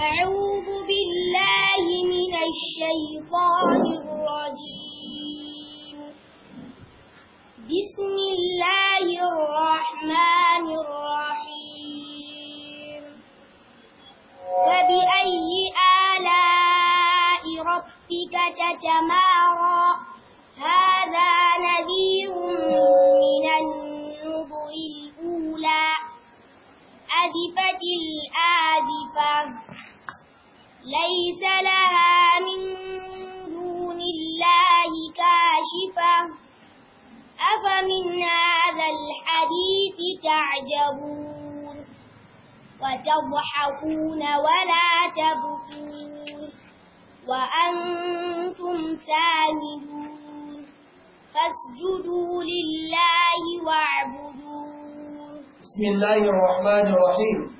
أعوذ بالله من الشيطان الرجيم بسم الله الرحمن الرحيم فبأي آلاء ربك تتمارى هذا نذير من النذر الأولى أذفت الآذفة ليس لها من دون الله كاشفة أفمن هذا الحديث تعجبون وتضحكون ولا تبكون وأنتم سامدون فاسجدوا لله واعبدون بسم الله الرحمن الرحيم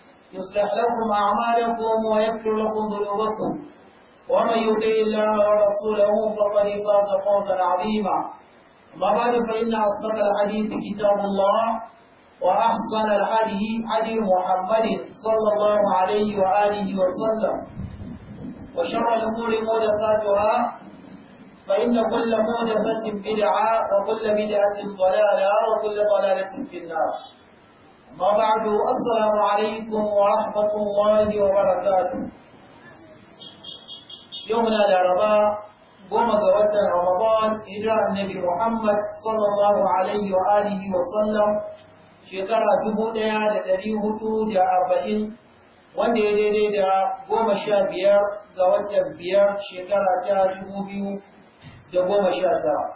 يصلح لكم أعمالكم ويكفر لكم ذنوبكم ومن يطع الله ورسوله فقد فاز فوزا عظيما أما بعد فإن أصدق الحديث كتاب الله وأحسن الحديث حديث محمد صلى الله عليه وآله وسلم وشر الأمور محدثاتها فإن كل محدثة بدعة وكل بدعة ضلالة وكل ضلالة في النار ما بعد السلام عليكم ورحمة الله وبركاته يومنا الأربعاء قوم قوات رمضان إجراء النبي محمد صلى الله عليه وآله وسلم شكرا جبودا لدري هدود أربعين wanda ya daidai da goma sha biyar ga watan biyar shekara ta dubu biyu da goma sha tara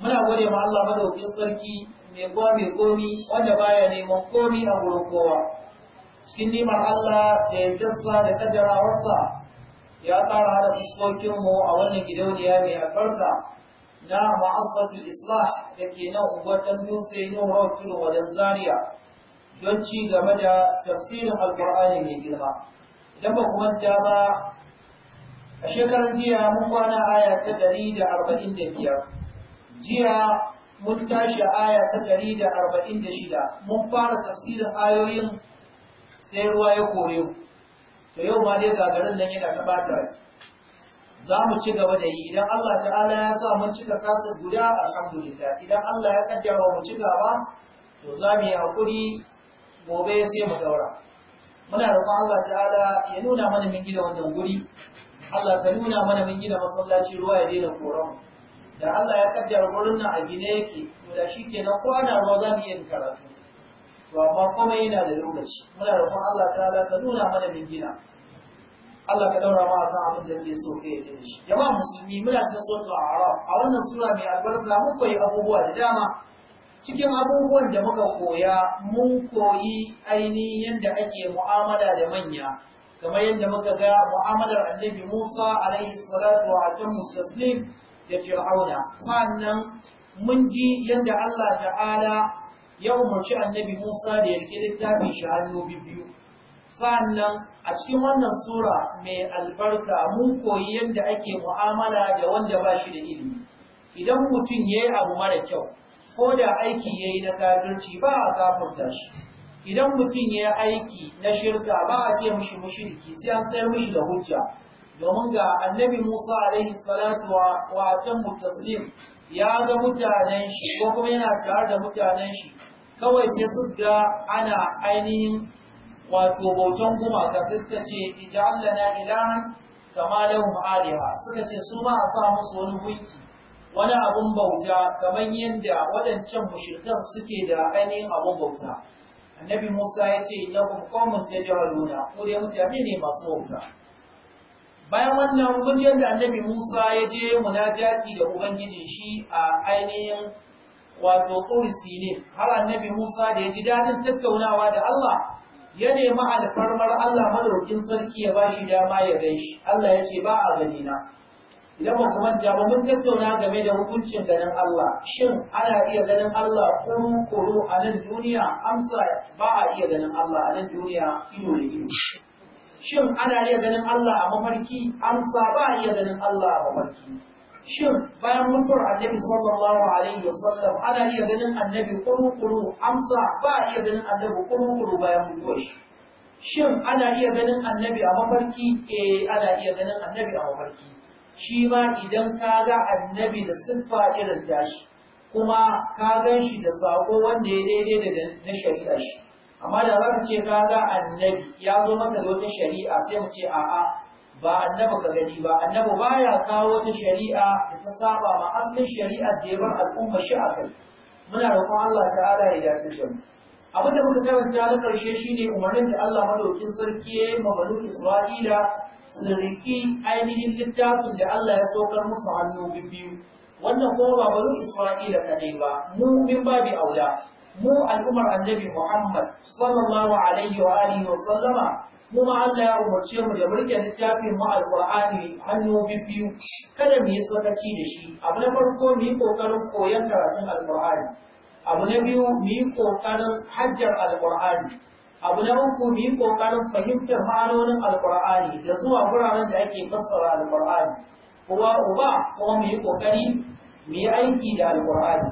muna gode ma Allah madaukin sarki mai kowa mai komi wanda baya neman komi a wurin kowa cikin neman Allah da ya yardarsa da wasa ya ƙara hada fuskokinmu a wannan gidauniya mai albarka na ma'asatul islah da ke nan unguwar ɗan dutse yin rautun wajen zaria don ci gaba da tafsirin alƙur'ani mai girma idan ba kuma ta ba a shekarar jiya mun kwana aya ta ɗari da arba'in da biyar jiya mun tashi aya ta shida, mun fara tafsirin ayoyin sai ruwa ya kore mu to yau ma dai gagarin nan yana ta bata za mu ci gaba da yi idan Allah ta'ala ya sa mun cika kaset guda alhamdulillah idan Allah ya kaddara mu ci gaba to za mu yi hakuri gobe sai mu daura muna roƙon Allah ta'ala ya nuna mana min gida wannan guri Allah ka nuna mana min gida masallaci ruwa ya daina koran mu da Allah ya kaddara wurin nan a gine yake to da shi kenan ko ana ruwa za mu iya karatu to amma kuma yana da lokaci muna da kuma Allah ta'ala ka nuna mana min gina Allah ka daura ma akan abin da muke so kai da shi jama'a musulmi muna cikin suratul a'raf a wannan sura mai albarka mun koyi abubuwa da dama cikin abubuwan da muka koya mun koyi ainihin yadda ake mu'amala da manya kamar yadda muka ga mu'amalar annabi Musa alaihi salatu wa sallam da fir'auna sannan mun ji yadda Allah ta'ala ya umarci annabi Musa da ya riƙe littafin shi hannu biyu sannan a cikin wannan sura mai albarka mun koyi yadda ake mu'amala da wanda ba shi da ilimi idan mutum ya yi abu mara kyau ko da aiki ya yi na kafirci ba a kafurta shi idan mutum ya yi aiki na shirka ba a ce mushi mushi sai an tsayar mushi da hujja domin ga annabi Musa alaihi salatu wa tammu taslim ya ga mutanen shi ko kuma yana tare da mutanen shi kawai sai su ga ana ainihin wato bautan gumaka sai suka ce ija'allana ilahan kama lahum aliha suka ce su ma sa musu wani gunki wani abun bauta kamar yadda waɗancan mushrikan suke da ainihin abun bauta annabi Musa ya ce innakum qawmun tajhaluna ko dai mutane ne masu bauta bayan wannan hukuncin da annabi Musa ya je munajati da ubangijin shi a ainihin wato ƙuri ne har annabi Musa da ya ji dadin tattaunawa da Allah ya nemi alfarmar Allah madaukin sarki ya ba shi dama ya gan shi Allah ya ce ba a gani na idan ba kuma ja ba mun tattauna game da hukuncin ganin Allah shin ana iya ganin Allah kuru koro a nan duniya amsa ba a iya ganin Allah a nan duniya ido da ido shin ana iya ganin Allah a mafarki amsa ba iya ganin Allah a mafarki shin bayan mutuwar annabi sallallahu alaihi sallam ana iya ganin annabi kuru-kuru amsa ba iya ganin annabi kuru-kuru bayan mutuwar shi shin ana iya ganin annabi a mafarki eh ana iya ganin annabi a mafarki shi ma idan ka ga annabi da siffa irin tashi kuma ka gan shi da sako wanda ya daidai da na shari'a shi amma da za ka ce ka ga annabi ya zo maka da wata shari'a sai mu ce a'a ba annabi ka gani ba annabi baya kawo wata shari'a da ta saba ma asalin shari'a da ya bar al'umma shi a kai muna roƙon Allah ta'ala ya dace da mu abin da muka karanta na ƙarshe shine umarnin da Allah madaukin sarki ya yi ma banu Isra'ila su ainihin littafin da Allah ya saukar musu hannu biyu wannan kuma ba banu Isra'ila kaɗai ba mu babu babi aula mu al'ummar annabi Muhammad sallallahu alaihi wa alihi wa sallama mu ma Allah ya umarce mu da murke littafin mu alqur'ani hannu biyu kada mu yi sakaci da shi abu na farko mu yi kokarin koyon karatun alqur'ani abu na biyu mu yi kokarin hajjar alqur'ani abu na uku mu yi kokarin fahimtar ma'anonin alqur'ani da zuwa wuraren da ake fassara alqur'ani kuma uba kuma mu yi kokari mu yi aiki da alqur'ani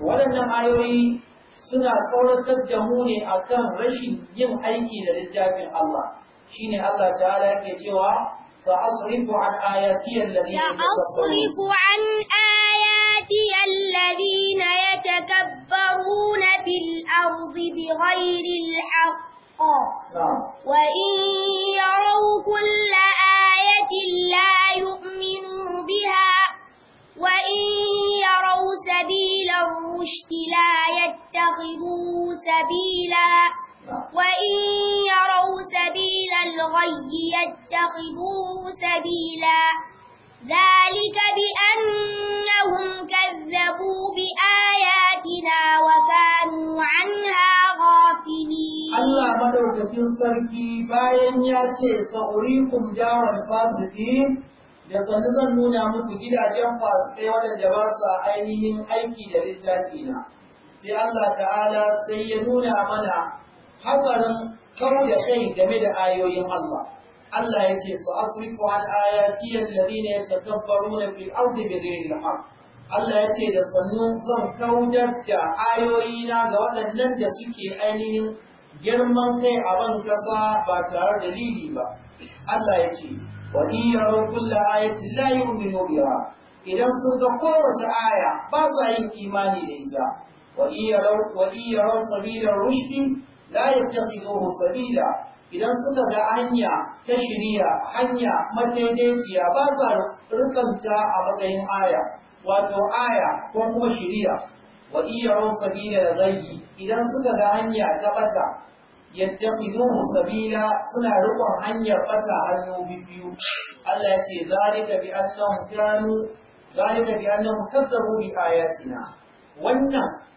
waɗannan ayoyi suna tsoratar da mu ne akan rashin yin aiki da littafin Allah shine Allah ta'ala yake cewa sa'asrifu an ayati alladhina sa'asrifu an ayati alladhina yatakabbaruna fil ardi bighayri alhaqq وإن يروا كل آية لا يؤمنوا بها وإن يروا سبيل الرشد يتخذوه سبيلا وإن يروا سبيل الغي يتخذوه سبيلا ذلك بأنهم كذبوا بآياتنا وكانوا عنها غافلين الله مدوكتين سركي باين ياتي سأريكم دار الفاسقين da sannu zan nuna muku gidajen fasikai waɗanda ba sa ainihin aiki da littafi na. sai Allah ta'ala sai ya nuna mana hatsarin kawo da kai game da ayoyin Allah Allah ya ce su asrifu an ayati alladhina yatakabbaruna fil ardi bighayri al-haqq Allah ya ce da sannu zan kaudar da ayoyina ga waɗannan da suke ainihin girman kai a ban ƙasa ba tare da lili ba Allah ya ce wani in kulla ayatin la yu'minu biha idan sun ga kowace aya ba sa yin imani da ita وإن يروا سبيل الرشد tafi يتخذوه Sabila, idan suka ga hanya ta shirya hanya madaidaiciya ba sa rikanta a matsayin aya wato aya ko kuma shirya wa iyaro sabila da idan suka ga hanya ta bata yattakhiduhu sabila suna rikon hanyar bata hannu biyu Allah ya ce zalika bi annahum kanu zalika bi annahum kazzabu bi ayatina wannan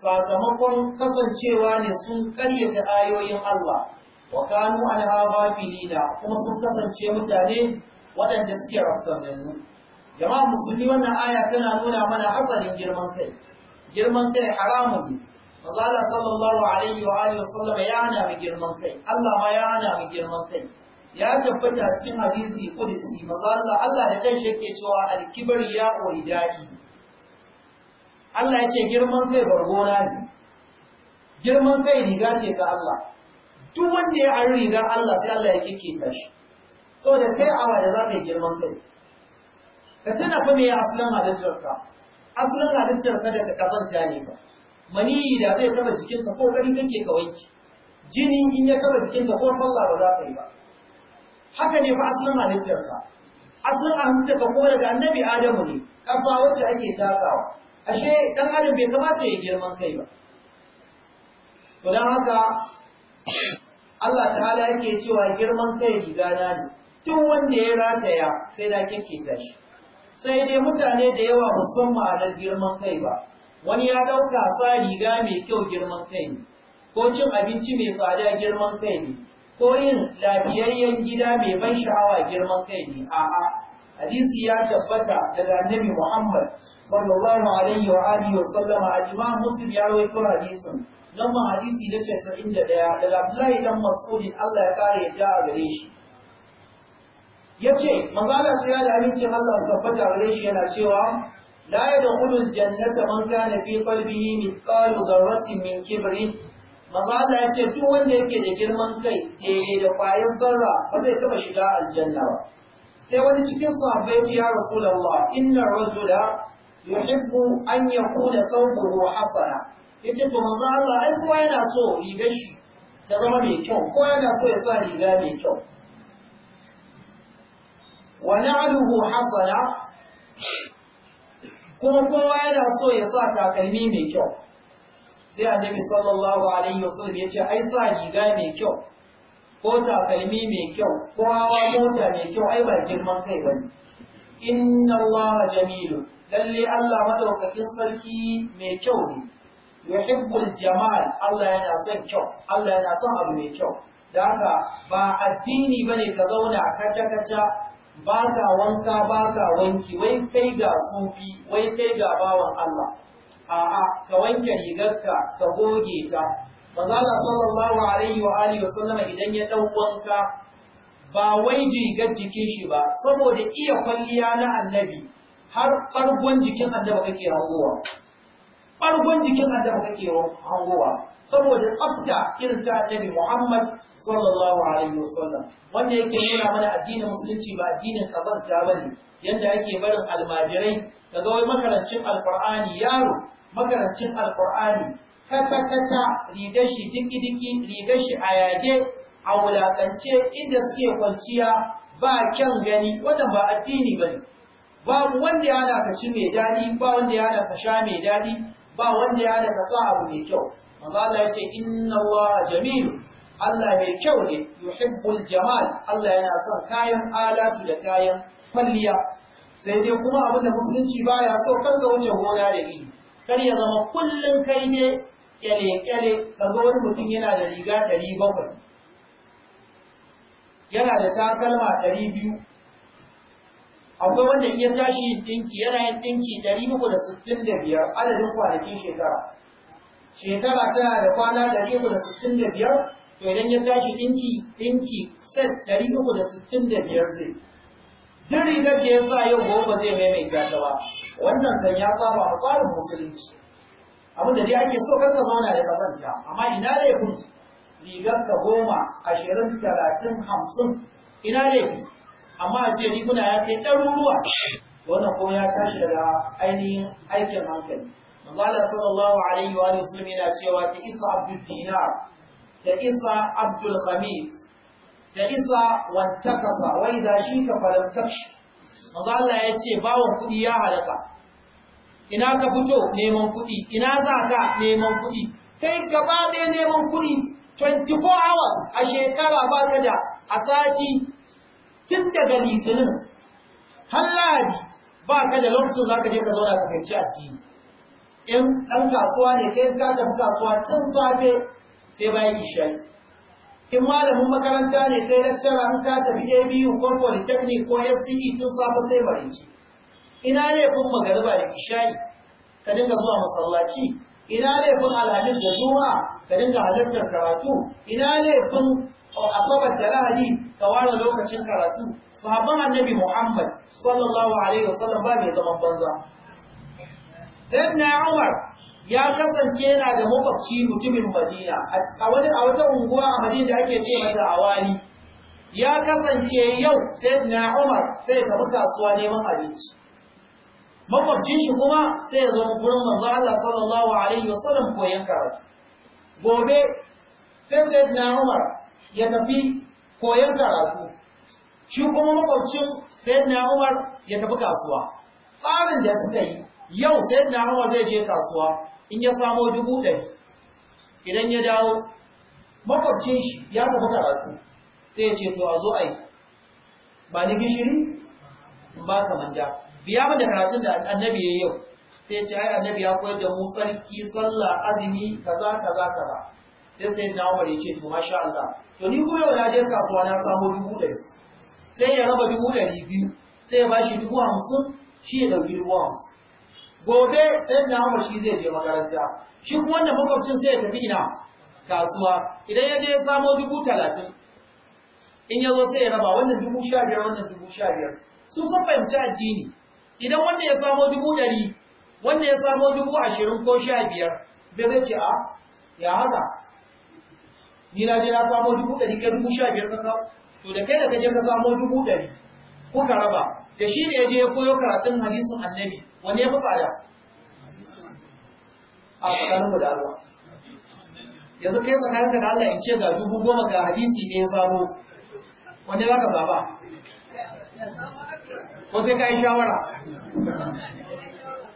sakamakon kasancewa ne sun karyata ayoyin Allah wa kanu an hawa filina kuma sun kasance mutane waɗanda suke rafsanannu jama'a musulmi wannan aya tana nuna mana hatsarin girman kai girman kai haramu ne mazala sallallahu alaihi wa alihi wasallam ya hana mu girman kai Allah ma ya hana mu girman kai ya tabbata cikin hadisi qudsi mazala Allah da kanshi yake cewa al-kibr ya daɗi. Allah ya ce girman kai bargona ne girman kai riga ce ta Allah duk wanda ya ari riga Allah sai Allah ya kike tashi, sau saboda kai awa da za ka yi girman kai ka tana fi mai aslan halittar ka halittarka halittar ka da ka kazanta ne ba maniyi da zai taba jikin ka kokari kake ka wanki jini in ya taba jikin ka ko sallah ba za ka yi ba haka ne fa aslan halittar ka aslan halittar ka ko daga annabi adamu ne ƙasa wacce ake takawa ashe dan adam bai kamata ya girma kai ba to haka Allah ta'ala yake cewa girman kai riga na ne tun wanda ya rataya sai da kike tashi sai dai mutane da yawa musamman a girman kai ba wani ya dauka sa riga mai kyau girman kai ne ko cin abinci mai tsada girman kai ne ko yin lafiyayyen gida mai ban sha'awa girman kai ne a'a hadisi ya tabbata daga annabi Muhammad sallallahu alaihi wa alihi wa sallama al-Imam Muslim ya rawaito hadisin lamma hadisi na 91 daga Abdullahi dan Mas'ud Allah ya kare yadda a gare shi yace manzo Allah tsira da amincin Allah tabbata gare shi yana cewa la yadkhulu al-jannata man kana fi qalbihi mithqalu dharratin min kibrin manzo Allah yace duk wanda yake da girman kai eh da kwayan zarra ba zai taba shiga aljanna ba sai wani cikin sahabbai ce ya rasulullah inna rajula yuhibbu an yakuna thawbuhu hasana yace to manzo Allah ai kowa yana so rigar shi ta zama mai kyau kowa yana so ya sa riga mai kyau wa na'luhu hasana kuma kowa yana so ya sa takalmi mai kyau sai annabi sallallahu alaihi wasallam yace ai sa riga mai kyau ko kalmi mai kyau ko hawa mota mai kyau ai ba girman kai bane inna allah jamilu lalle allah madaukakin sarki mai kyau ne yuhibbul jamal allah yana son kyau allah yana son abu mai kyau da haka ba addini bane ka zauna kaca kaca ba ka wanka ba ka wanki wai kai ga sufi wai kai ga bawan allah a'a ka wanke rigarka ka goge ta Mazala sallallahu alaihi wa alihi wasallama idan ya ɗau wanka ba wai jigar jikin shi ba saboda iya kwalliya na annabi har ɓargon jikin annabi kake hangowa. Ɓargon jikin annabi kake hangowa saboda tsafta irin ta annabi Muhammad sallallahu alaihi wasallam wanda yake nuna mana addinin musulunci ba addinin kazanta bane yanda ake barin almajirai kaga wai makarancin alqur'ani yaro makarancin alqur'ani kaca-kaca rigar shi diki-diki rigar shi a yage a wulakance inda suke kwanciya ba kyan gani wannan ba addini ba ne babu wanda ya hana ka ci mai daɗi ba wanda ya hana ka sha mai daɗi ba wanda ya hana ka sa abu mai kyau manzo Allah ya ce inna Allah jamilu Allah mai kyau ne yuhibbul jamal Allah yana son kayan alatu da kayan kwalliya sai dai kuma abin da musulunci baya so kar ka wuce gona da ni kar ya zama kullun kai ne Ƙyale-ƙyale, kaga wani mutum yana da riga ɗari bakwai yana da takalma ɗari biyu akwai wanda in ya tashi ɗinki yana yin ɗinki ɗari uku da sittin da biyar adadin kwanakin shekara shekara tana da kwana ɗari uku da sittin da biyar to idan ya tashi ɗinki dinki set ɗari uku da sittin da biyar zai duk rigar da ya sa yau gobe zai maimaita ta ba wannan kan ya saba a tsarin musulunci abin da dai ake so kar ka zauna da ta, amma ina ne kun? rigar ka goma ashirin talatin hamsin ina laifin amma a ce ni kuna ya kai ɗaruruwa wannan ko ya tashi daga ainihin aikin hankali manzala sallallahu alaihi wa sallam yana cewa ta isa abdul dinar ta isa abdul khamis ta isa wantakasa wai da shi ka farantakshi manzala ya ce bawan kuɗi ya halaka ina ka fito neman kuɗi ina za ka neman kuɗi kai gaba ɗaya neman kuɗi 24 hours a shekara ba ka da a sati tun daga litinin har ba ka da lokacin za ka je ka zauna ka fahimci addini in ɗan kasuwa ne kai ka tafi kasuwa tun safe sai bayan isha'i in malamin makaranta ne kai lecturer an ka tafi abu ko polytechnic ko SCE tun safe sai barici ina laifin magariba da isha'i ka dinga zuwa masallaci ina laifin alhamis da zuwa ka dinga halartar karatu ina laifin asabar da lahadi ka ware lokacin karatu sahabban annabi muhammad sallallahu alaihi wasallam ba mai zaman banza sayyidina umar ya kasance yana da makwabci mutumin madina a wani a wata unguwa a madina da ake ce mata awali ya kasance yau sayyidina umar sai ya tafi kasuwa neman abinci makwabcin shi kuma sai ya zama gurin manzo Allah sallallahu alaihi wasallam koyan karatu gobe sai sai na Umar ya tafi koyan karatu shi kuma makwabcin sai na Umar ya tafi kasuwa tsarin da suka yi yau sai na Umar zai je kasuwa in ya samo dubu ɗari idan ya dawo makwabcin shi ya tafi karatu sai ya ce to a zo ai ba ni gishiri ba ka manja biya mu da karatun da annabi ya yau sai ya ce ai annabi ya koyar da mu sarki sallah azumi kaza kaza kaza sai sai na Umar ya ce to masha Allah to ni kuma yau na je kasuwa na samu dubu ɗaya. sai ya raba dubu ɗari biyu sai ya bashi dubu hamsin shi ya dauki dubu hamsin gobe sai na Umar shi zai je makaranta shi kuma wannan makwabcin sai ya tafi ina kasuwa idan ya je ya samo dubu talatin in ya zo sai ya raba wannan dubu sha biyar wannan dubu sha biyar su sun fahimci addini idan wanda ya samo dubu ɗari wanda ya samo dubu ashirin ko sha biyar bai zai ce a ah, ya haka ni na je na samo dubu ɗari ka dubu sha biyar ka to da kai da kaje ka samo dubu ɗari kuka raba da shi ne ya je ya koyo karatun hadisin annabi wani ya fi tsada a tsakaninmu da Allah yanzu kai tsakanin ka da Allah in ce ga dubu goma ga hadisi ne ya samo wani za ka zaba ko sai ka yi shawara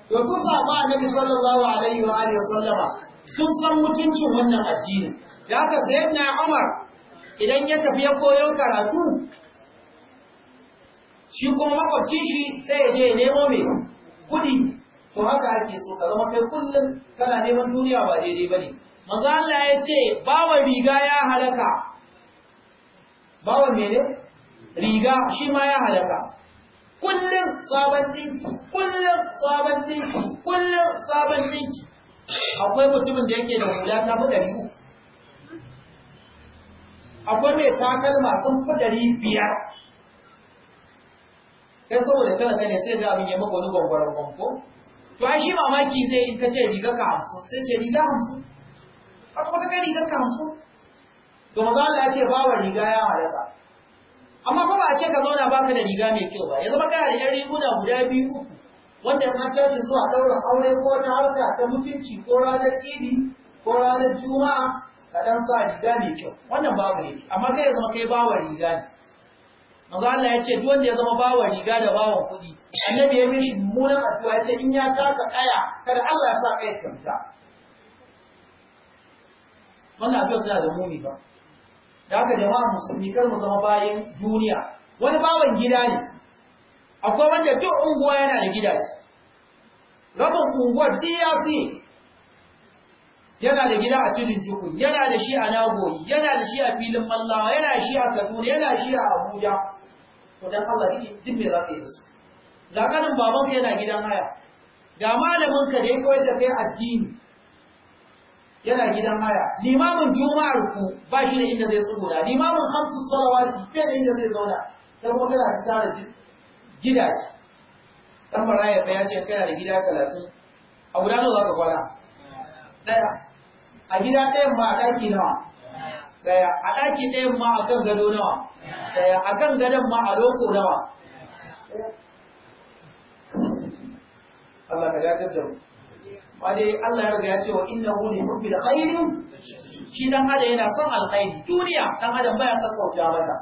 to sun samu annabi sallallahu alaihi wa alihi sallama sun san mutuncin wannan addini da yadda ya Umar idan ya tafi ya koyon karatu shi kuma makwabci shi sai ya je ya nemo mai kudi to haka ake so ka zama kai kullum kana neman duniya ba daidai ba ne. Maza Allah ya ce bawa riga ya halaka bawa mene riga shi ma ya halaka kullum sabon dinki kullum sabon dinki kullum sabon dinki akwai mutumin da yake da hula ta fi ɗari akwai mai takalma sun fi ɗari biyar kai saboda tana ne sai ga abin ya maka wani gwangwaron kwanko to an shi mamaki zai in ka ce riga ka hamsin sai ce riga hamsin a kuma ta kai riga ka hamsin to maza Allah ya ce bawa riga ya halatta amma ba a ce ka zauna baka da riga mai kyau ba yanzu baka da yan riguna guda biyu uku wanda an tashi zuwa ɗaurin aure ko wata harka ta mutunci ko ranar idi ko ranar juma'a ka dan sa riga mai kyau wannan babu ne amma kai yanzu kai ba wa riga ne manzo Allah ya ce duk wanda ya zama wa riga da bawa kuɗi annabi ya mishi mummunan addu'a ya ce in ya taka kaya kada Allah ya sa kai kyauta wannan addu'a tana da muni ba da haka jama'a musulmi kar mu zama bayan duniya wani bawan gida ne akwai wanda duk unguwa yana da gidaje rabin unguwar DRC yana da gida a tudun jukun yana da shi a nagoyi yana da shi a filin mallawa yana da shi a kaduna yana da shi a abuja to dan allah ne duk me zaka yi da su lakanin babanka yana gidan haya ga malamin ka da ya koyar da kai addini yana gidan haya limamin juma'ar ku ba shi da inda zai tsugura limamin hamsu salawati bai da inda zai zauna dan kuma kana tara gidaje dan maraya ya ce kana da gida 30 a guda nawa ka kwana daya a gida ɗayan ma a ɗaki nawa daya a ɗaki ɗayan ma a kan gado nawa daya a kan gadon ma a loko nawa Allah ka dakatar da mu ba Allah ya riga ya ce wa innahu li da khairi shi dan adam yana son alkhairi duniya dan adam baya son kauta mata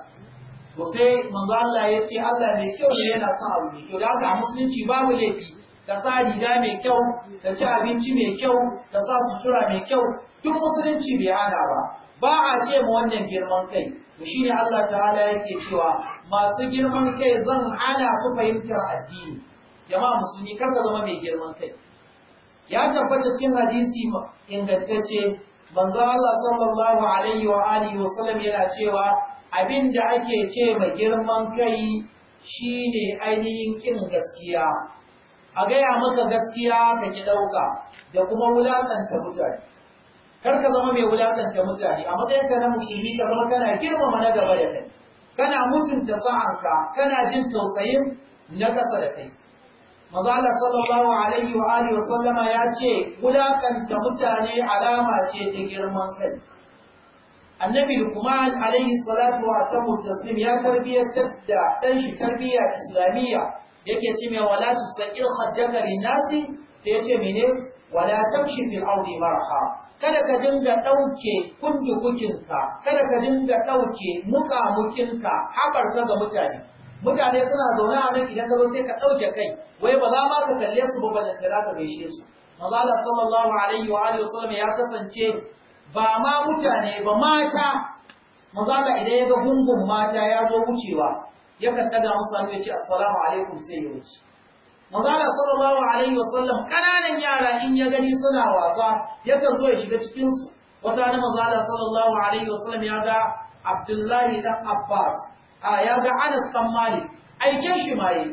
to sai manzo Allah ya ce Allah mai kyau ne yana son abu mai kyau da haka musulunci babu laifi ka sa riga mai kyau ka ci abinci mai kyau ka sa sutura mai kyau duk musulunci bai hana ba ba a ce ma wannan girman kai to shine Allah ta'ala yake cewa masu girman kai zan hana su fahimtar addini jama'a musulmi kar ka zama mai girman kai ya tabbata cikin hadisi ingantacce banzan Allah sallallahu alaihi wa alihi wa sallam yana cewa abinda ake ce mai girman kai shine ainihin kin gaskiya a gaya maka gaskiya ka ki dauka da kuma wulakanta mutane kar ka zama mai wulakanta mutane a matsayin ka na musulmi ka zama kana girmama na gaba da kai kana mutunta sa'anka kana jin tausayin na kasa da kai Mazala sallallahu alaihi wa alihi wa sallama ya ce wulakanta mutane alama ce ta girman kai. Annabi Lukman alaihi salatu wa tamu taslim ya tarbiyyantar da ɗan shi tarbiyya islamiyya yake ce mai wala tusaqil khaddaka nasi, sai ya ce mene wala tamshi fi ardi marha kada ka dinga ɗauke kundukukinka kada ka dinga dauke mukamukinka haɓarka ga mutane mutane suna zaune a nan idan ka zo sai ka ɗauke kai wai ba za ma ka kalle su ba da za ka gaishe su manzo sallallahu alaihi wa alihi wasallam ya kasance ba ma mutane ba mata manzo idan ya ga gungun mata ya zo wucewa kan daga musu hannu ya ce assalamu alaikum sai ya wuce manzo sallallahu alaihi wasallam kananan yara in ya gani suna wasa yakan zo ya shiga cikin su wata ne manzo sallallahu alaihi wasallam ya ga Abdullahi dan Abbas a ya ga Anas ɗan Malik aiken shi maye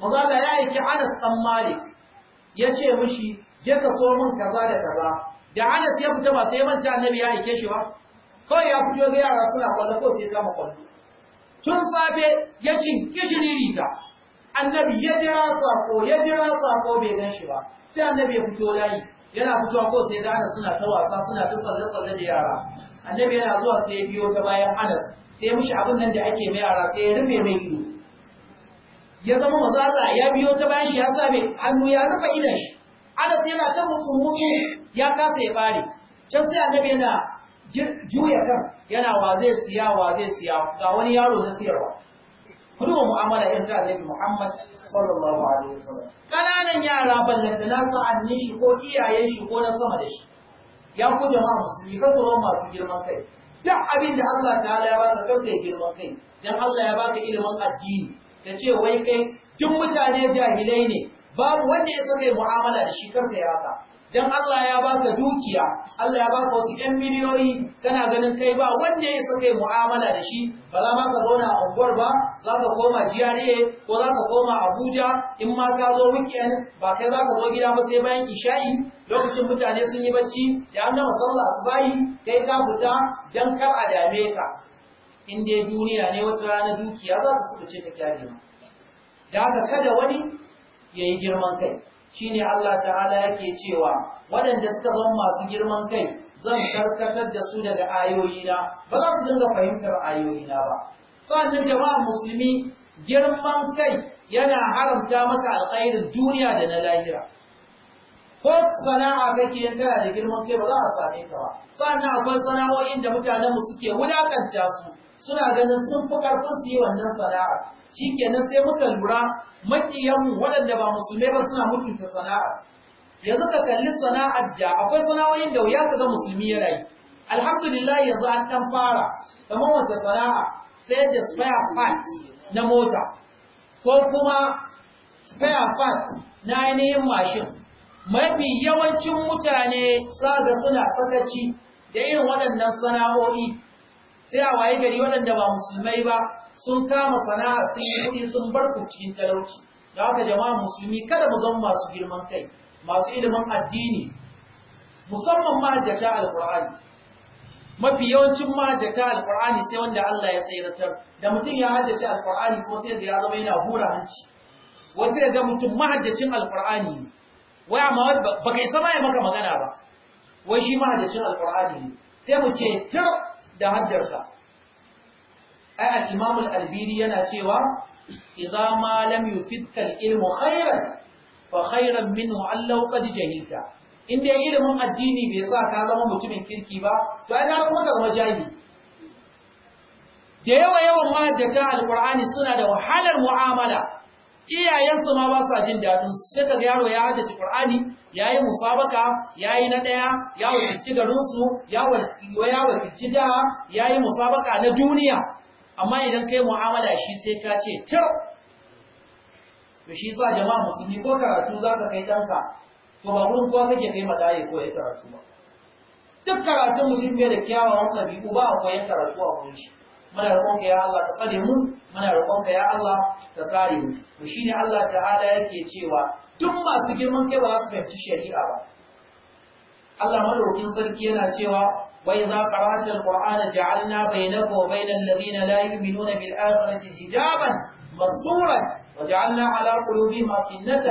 maza da ya aiki Anas ɗan Malik Ya yace mishi je ka so min kaza da kaza da Anas ya fita ba sai manta annabi ya aike shi ba kawai ya fito ga yara suna kwallo ko sai kama kwallo tun safe ya cin rita, annabi ya jira sako ya jira sako bai gan shi ba sai annabi ya fito layi yana fitowa ko sai ga Anas suna ta wasa suna ta tsalle tsalle da yara annabi yana zuwa sai ya biyo ta bayan Anas sai mushi abin nan da ake mai yara sai ya rufe mai ido ya zama mazala ya biyo ta bayan shi ya sa mai hannu ya rufe idan shi ana sai yana ta mutu-mutu ya kasa ya bare can sai annabi yana juya kan yana wa zai siya wa zai siya ga wani yaro na siyarwa Kudu duba mu'amala irin ta annabi Muhammad sallallahu alaihi wasallam kananan yara ballanta na sa'annin shi ko iyayen shi ko na sama da shi ya ku jama'a musulmi kan masu girman kai duk abin da Allah ta'ala ya baka kan kai girman kai dan Allah ya baka ilimin addini ka ce wai kai duk mutane jahilai ne babu wanda ya saka mu'amala da shi kar ya haka dan Allah ya baka dukiya Allah ya baka wasu ƴan miliyoyi kana ganin kai ba wanda ya saka mu'amala da shi ba za ma ka zauna a unguwar ba za ka koma GRA ko za ka koma Abuja in ma ka zo weekend ba kai za ka zo gida ba sai bayan isha'i lokacin mutane sun yi bacci da an gama sallah su bayi kai ka fita dan kar a dame ka in dai duniya ne wata rana dukiya za su sukuce ta kyale ma da haka kada wani ya yi girman kai shine Allah ta'ala yake cewa waɗanda suka zama masu girman kai zan karkatar da su daga ayoyi na ba za su dinga fahimtar ayoyina ba sannan jama'ar musulmi girman kai yana haramta maka alkhairin duniya da na lahira ko sana'a kake yin kana da girman kai ba za a same ka ba sannan akwai sana'o'in da mutanen mu suke wulakanta su suna ganin sun fi karfin su yi wannan sana'a shikenan sai muka lura makiyanmu waɗanda ba musulmai ba suna mutunta sana'a yanzu ka kalli sana'ar da akwai sana'o'in da wuya ka ga musulmi ya rayu. alhamdulillah yanzu an dan fara kamar wace sana'a sai da spare parts na mota ko kuma spare parts na ainihin mashin mafi yawancin mutane saga suna sakaci da irin waɗannan sana'o'i sai a waye gari waɗanda ba musulmai ba sun kama sana'a sun yi kuɗi sun bar ku cikin talauci da haka jama'a musulmi kada mu zama masu girman kai masu ilimin addini musamman mahajjata alƙur'ani mafi yawancin mahajjata alƙur'ani sai wanda Allah ya tsayratar da mutum ya hajjace alƙur'ani ko sai da ya zama yana hura hanci wasu ya ga mutum mahajjacin alƙur'ani ne wai amma ba kai sama ya maka magana ba wai shi mahadacin alkur'ani ne sai mu ce tir da haddarka ai al-imam al-albiri yana cewa idza ma lam yufidka al-ilmu khairan fa khairan minhu allahu qad jahilta in dai ilimin addini bai sa ka zama mutumin kirki ba to ai na kuma zama jahili da yawa yawan al alkur'ani suna da wahalar mu'amala iyayensu ma ba sa jin daɗin su sai kaga yaro ya ci Qur'ani yayi musabaka yayi na daya ya wakilci garin su ya wakilci ya yayi musabaka na duniya amma idan kai mu'amala shi sai ka ce tir to shi sa jama'a musulmi ko karatu za ka kai danka to ba gurin kowa kake kai madaye ko ya karatu ba duk karatun mutum bai da kyawawan ɗabi'u ba akwai karatu a gurin shi muna roƙonka ya Allah ka tsare mu muna roƙonka ya Allah ka kare mu to shine Allah ta'ala yake cewa duk masu girman kai ba za su fahimci shari'a ba Allah madaukin sarki yana cewa wai za qara'ta al-qur'ana ja'alna bainaka wa bainal ladina la yu'minuna bil akhirati hijaban masturan وجعلنا على قلوبهم أكنة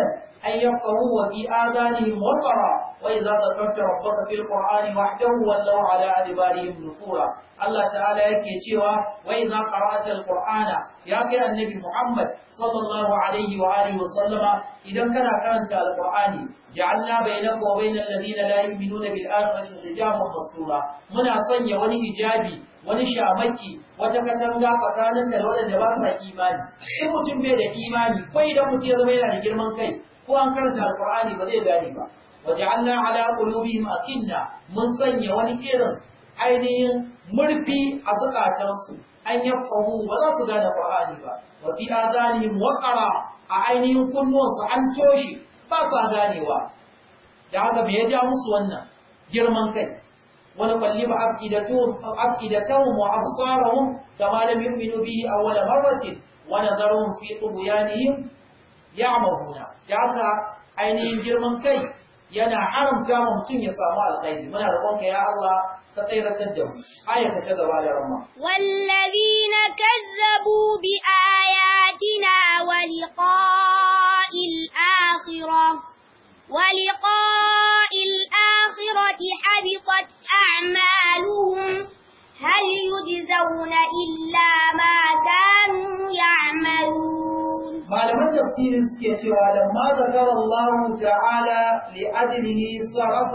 أن يفقهوا وفي آذانهم وقرا وإذا ذكرت ربك في القرآن وحده ولوا على أدبارهم نفورا الله تعالى يكي تشوى وإذا قرأت القرآن يا النبي محمد صلى الله عليه وآله وسلم إذا كان قرأت القرآن جعلنا بينك وبين الذين لا يؤمنون بالآخرة حجابا مستورا منا صنع وني حجابي wani shamaki wata katanga tsakanin da da ba sa imani in mutum bai da imani ko da mutum ya zama yana da girman kai ko an karanta alqur'ani ba zai gane ba waja'alna ala qulubihim akinna mun sanya wani irin ainihin murfi a zukatansu an fahu ba za su gane qur'ani ba wa fi adanihim waqara a ainihin su an toshi ba su ganewa da haka me ya ja musu wannan girman kai ونقلب أفئدتهم أفئدتهم وأبصارهم كما لم يؤمنوا به أول مرة ونذرهم في طغيانهم يعمهون جعلنا ainihin girman kai yana haramta ma mutum ya samu alkhairi muna roƙonka ya Allah ta tsiratar da mu ayata ta gaba da ramma wallazina kazzabu bi ayatina wa ولقاء الآخرة حبطت أعمالهم هل يجزون إلا ما كانوا يعملون معلمة تفسير سكيتي ما ذكر الله تعالى لأجله صرف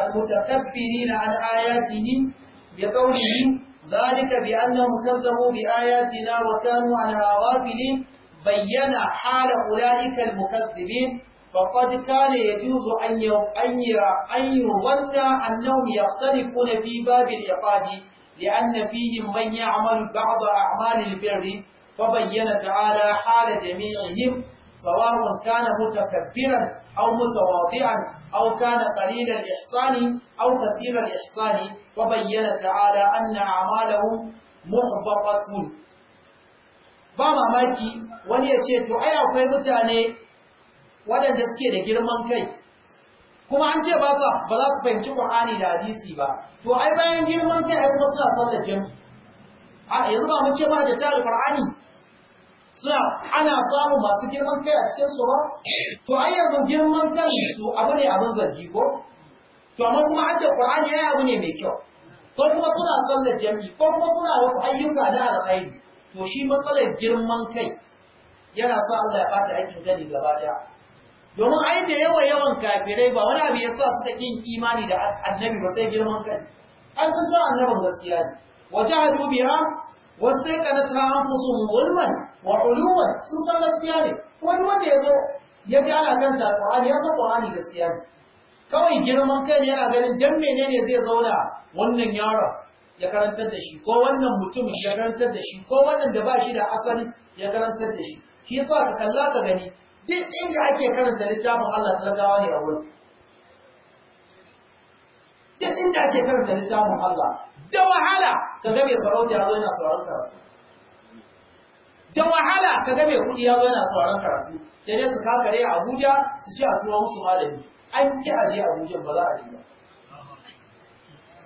المتكبرين عن آياتهم بقوله ذلك بأنهم كذبوا بآياتنا وكانوا عنها غافلين بين حال أولئك المكذبين فقد كان يجوز أن أن يظن أنهم يختلفون في باب العقاد لأن فيهم من يعمل بعض أعمال البر فبين تعالى حال جميعهم سواء كان متكبرا أو متواضعا أو كان قليل الإحسان أو كثير الإحسان وبين تعالى أن أعمالهم محبطة ba mamaki wani ya ce to ai akwai mutane waɗanda suke da girman kai kuma an ce ba ba za su fahimci Qur'ani da hadisi ba to ai bayan girman kai ai kuma suna sallar jami'i a yanzu ba mun ce ma da ta Qur'ani suna ana samu masu girman kai a cikin su ba to ai yanzu girman kai su abu ne abin zargi ko to amma kuma ce Qur'ani ai abu ne mai kyau ko kuma suna sallar jami'i ko kuma suna wasu ayyuka na alkhairi to shi matsalar girman kai yana sa Allah ya bata aikin gani gaba daya domin ai da yawa yawan kafirai ba wani abu ya sa suka kin imani da annabi ba sai girman kai an san san annabin gaskiya ne wajahadu biha ta anfusuhum mulman wa uluwan sun san gaskiya ne wani wanda yazo ya ji ana kanta alqur'ani ya san qur'ani gaskiya ne kawai girman kai ne yana ganin dan menene zai zauna wannan yaron ya karantar da shi ko wannan mutum ya karantar da shi ko wannan da ba shi da asali ya karantar da shi shi yasa ka kalla ka gani duk inda ake karanta littafin Allah talakawa ne a wurin duk inda ake karanta littafin Allah da wahala ka ga mai sarauta ya zo yana sauran karatu da wahala ka ga mai kuɗi ya zo yana sauran karatu sai dai su kakare a Abuja su ci a tura musu malami an ki a je Abuja ba za a ji ba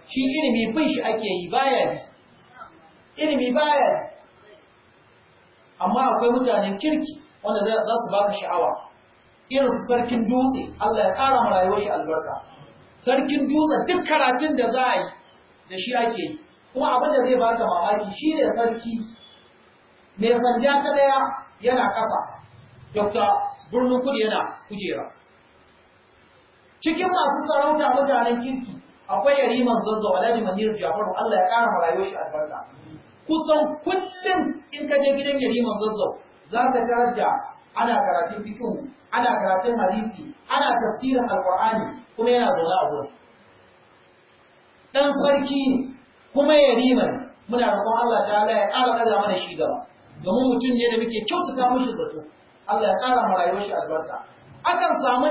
shi ilimi bin shi ake yi baya bi ilimi baya amma akwai mutanen kirki wanda za su baka sha'awa irin sarkin dutse Allah ya ƙara ma rayuwar shi albarka sarkin dutse duk karatun da za a yi da shi ake yi kuma abin da zai baka mamaki shi ne sarki mai sanda ta ɗaya yana ƙasa Dokta birnin kudu yana kujera cikin masu sarauta mutanen kirki akwai yariman Zazzau, ladi manir jafaru Allah ya ƙara ma rayuwar shi albarka kusan kullum in ka je gidan yariman zazzau za ka daraja ana karatun fikin ana karatun hadithi, ana tafsirin alkur'ani kuma yana zaune a wurin dan sarki kuma ya riman muna kuma Allah ta'ala ya ƙara ɗaga mana shi gaba domin mutum ne da muke kyautata mushi zato Allah ya ƙara mu rayuwar shi albarka akan samu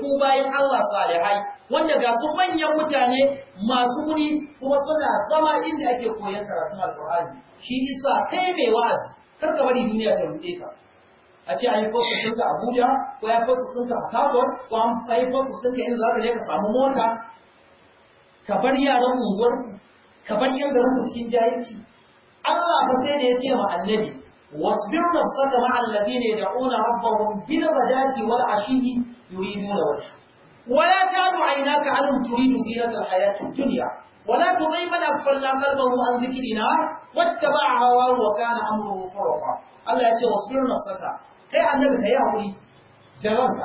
ko bayan Allah salihai wanda ga su manyan mutane masu wuri kuma suna zama inda ake koyon karatun alkur'ani shi isa kai mai wa'azi kar ka bari duniya ta rufe ka a ce an yi sun ɗinka Abuja ko ya fasu ɗinka a Kabul ko an yi sun ɗinka inda za ka je ka samu mota ka bar yaran unguwar ka bar yan garin cikin jahilci Allah ba sai da ya ce ma annabi wasbir nafsaka ma'al ladina yad'una rabbahum bi dajati wal ashi yuriduna wajha ولا تعد عيناك عنهم تريد زينة الحياة الدنيا ولا تطيع من أغفلنا قلبه عن ذكرنا واتبع هواه وكان أمره فرطا الله يجي واصبر نفسك كي عندك كي أقولي جربك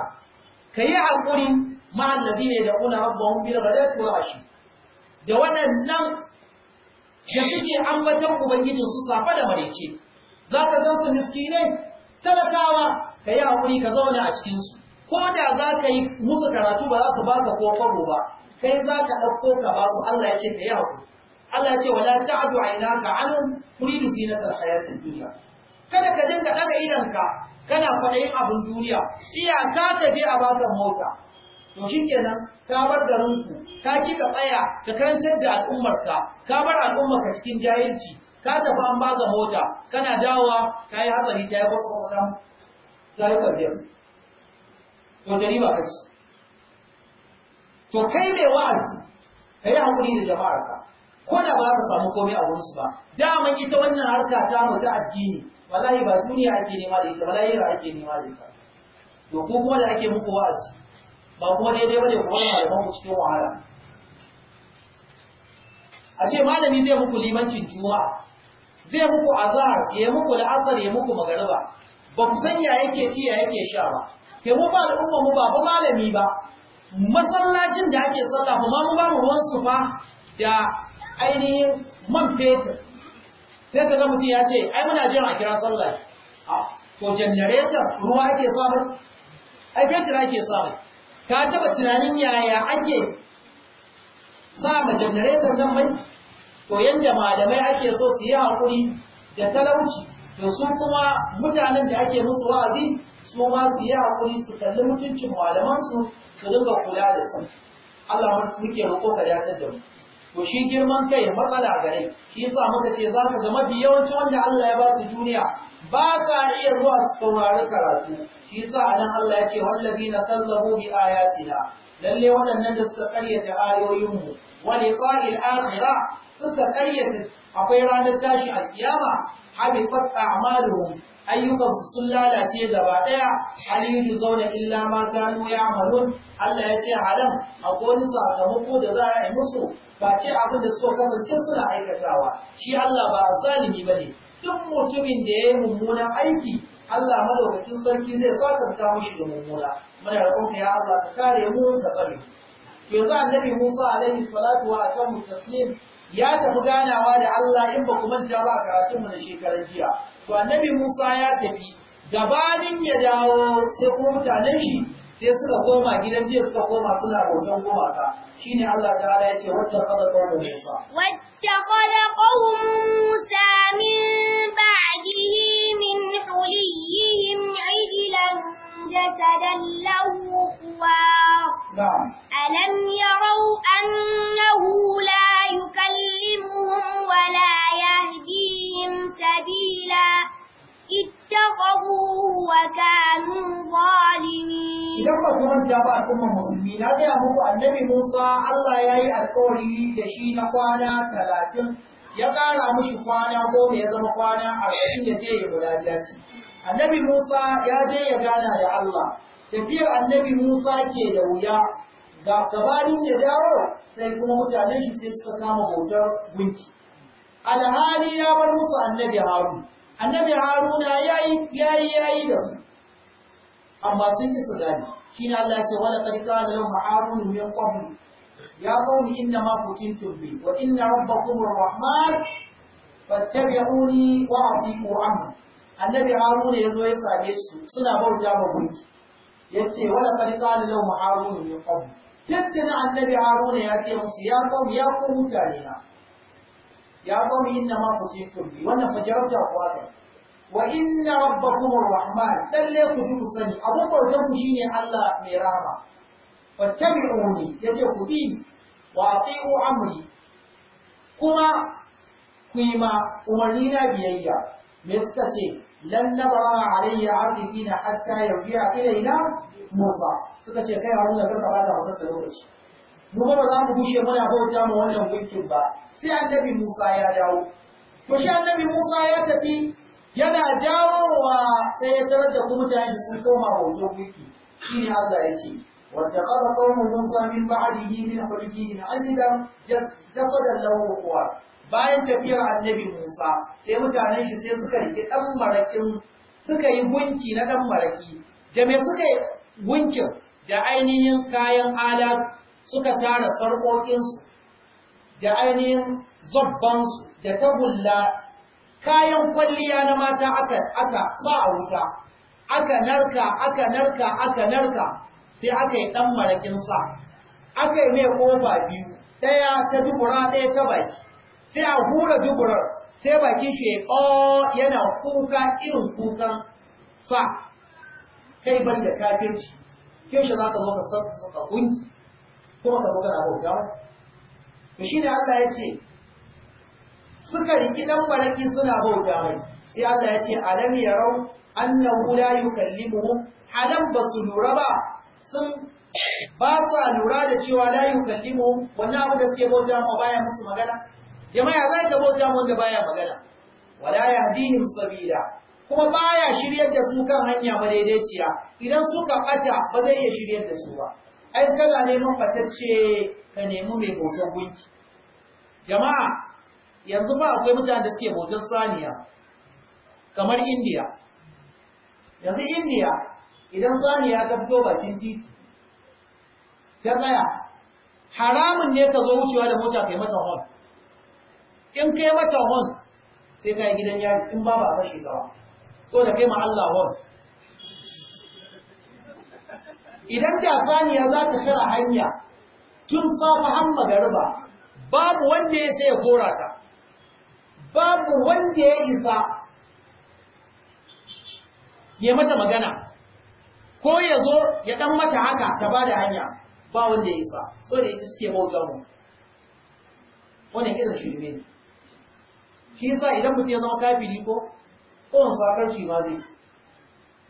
كي أقولي مع الذين يدعون ربهم بالغداة والعشي da waɗannan da suke ambaton Ubangijinsu safa da marece, za ka gansu miskinai talakawa ka yi haƙuri ka zauna a cikinsu, ko da za ka yi musu karatu ba za su baka ka kwabo ba kai za ka ɗauko ka ba su Allah ya ce ka yi haƙuri Allah ya ce wala ta'adu ka anhum turidu zinatal hayatid dunya kada ka dinga daga idanka kana yin abin duniya iya ka je a ka mota to shikenan ka bar garinku ka kika tsaya ka karantar da al'ummarka ka bar al'ummarka cikin jahilci ka tafi an ka mota kana dawowa ka yi hatsari ta yi kwatsa kwatsa ta yi kwatsa wace riba ka ci to kai mai wa'azi ka yi haƙuri da jama'arka. ko da ba ka samu komai a wurinsu ba daman ita wannan harka ta mu ta addini wallahi ba duniya ake nema da ita wallahi ra ake nema da ita to ko kuma da ake muku wa'azi ba kuma daidai ba ne ku wani malaman ku cikin wahala a ce malami zai muku limancin juma'a zai muku azhar ya muku la'asar ya muku magariba ba ku san ya yake ci ya yake sha ba ke mu ba al'umma mu ba ba malami ba masallacin da ake sallah ba ma mu ba mu ruwan su fa da ainihin man fetur sai ka ga mutum ya ce ai muna jiran a kira sallah to generator ruwa ake samu ai fetur ake samu ka taba tunanin yaya ake sa ma generator nan mai to yanda malamai ake so su yi hakuri da talauci to su kuma mutanen da ake musu wa'azi su ma su yi hakuri su kalli mutuncin malamansu su dinga kula da su Allah muke roƙo ka da mu to shi girman kai matsala gare shi yasa muka ce za ka ga mafi yawanci wanda Allah ya ba su duniya ba sa iya zuwa su saurari karatu shi yasa anan Allah ya ce wallazina kallabu bi ayatina lalle waɗannan da suka karyata ayoyinmu wa liqa'il akhirah suka karyata akwai ranar tashi alkiyama habitat a'maluhum ayyukansu sun lalace gaba ɗaya. aliyu zauna illa ma kanu ya'malun Allah ya ce halam akwai wani sakamako da za a yi musu ba ce abin da suka kasance suna aikatawa shi Allah ba a zalimi ne. duk mutumin da ya yi mummunan aiki Allah madaukakin sarki zai sakanta mishi da mummuna muna roƙon ya Allah ka kare mu ka tsare yanzu annabi Musa alaihi salatu wa atamu taslim ya tafi ganawa da Allah in ba ku manta ba karatun mu na shekaran jiya to annabi Musa ya tafi gabanin ya dawo sai kuma mutanen shi sai suka koma gidan jiya suka koma suna bautan gumaka ne Allah ta'ala ya ce wata kada qawmun Musa wata kada Musa min ba'dihi min huliyihim idilan جسدا له خوار ألم يروا أنه لا يكلمهم ولا يهديهم سبيلا اتخذوه وكانوا ظالمين إذا ما كنت جابعكم المسلمين هذا يقول النبي موسى الله يأي القولي يشين قوانا ثلاثين يقال عمش قوانا قوم يزم قوانا عشرين يتيه ولا جاتي annabi Musa ya je ya gana da Allah tafiyar annabi Musa ke da wuya ga gabanin ya dawo sai kuma mutanen shi sai suka kama bautar gunki alhali ya bar musu annabi Harun annabi Haruna yayi yayi yi da su amma sun ki su gane shine Allah ya ce wala qad kana lahum harun min qabl ya qawmi inna ma kuntum bi wa inna rabbakum arrahman fattabi'uni wa atiqu amri annabi haruna ya zo ya same su suna bauta ma gunki ya ce wala kadi kala lau ma haruna min tattana annabi haruna ya ce musu ya qawm ya ku mutane na ya qawm inna ma kutintum bi wannan fa jarabta ku aka wa inna rabbakum arrahman dalle ku ji sani abun bautar ku shine Allah mai rahama fattabi'uni yace ku bi wa ati'u amri kuma ku yi ma umarni na biyayya me suka ce lan nabara alayya abidina hatta yarji'a ilaina musa suka ce kai haruna karka bata wa kanka lokaci mu ba za mu bushe muna bauta mu wannan gunkin ba sai annabi musa ya dawo to shi annabi musa ya tafi yana dawowa sai ya tarar da mutane su koma bautar gunki shine Allah ya ce واتخذ قوم موسى من بعده من حليه عجلا جسدا له خوار bayan tafiyar annabi Musa sai mutanen shi sai suka rike dan marakin suka yi gunki na dan maraki da me suka yi gunkin da ainihin kayan ala suka tara sarƙoƙinsu da ainihin su da tagulla kayan kwalliya na mata aka aka sa a wuta aka narka aka narka aka narka sai aka yi dan marakin sa aka yi mai kofa biyu daya ta dubura daya ta baki sai a hura duburar sai bakin shi oh, yana kuka irin kukan sa kai ban da kafirci yaushe za ka zo ka saka kunki kuma ka zo kana bauta to shi ne Allah ya ce suka riki dan baraki suna bauta mai sai Allah ya ce alam yarau annahu la yukallimuhum halam su lura ba sun ba sa lura da cewa la yukallimuhum wannan abu da suke bauta ma baya musu magana jama'a za ka bauta wanda baya magana wala yahdihim sabila kuma baya shiryar da su kan hanya madaidaiciya idan suka bata ba zai iya shiryar da su ba ai kana neman fatacce ka nemi mai bautan gunki jama'a yanzu ba akwai mutanen da suke bautan saniya kamar indiya yanzu indiya idan saniya ta fito bakin titi ta tsaya haramun ne ka zo wucewa da mota kai mata hon in kai mata hon sai kai gidan yari, in ba ba bashi gawa so da kai ma Allah hon idan ta saniya za ta kira hanya tun safa Hamma Garba, babu wanda ya sai ya kora ta babu wanda ya isa ya mata magana ko ya zo ya dan mata haka ta bada hanya ba wanda ya isa so da ita suke bautar mu wannan irin shirme ne shi yasa idan mutum ya zama kafiri ko kowane shi ma zai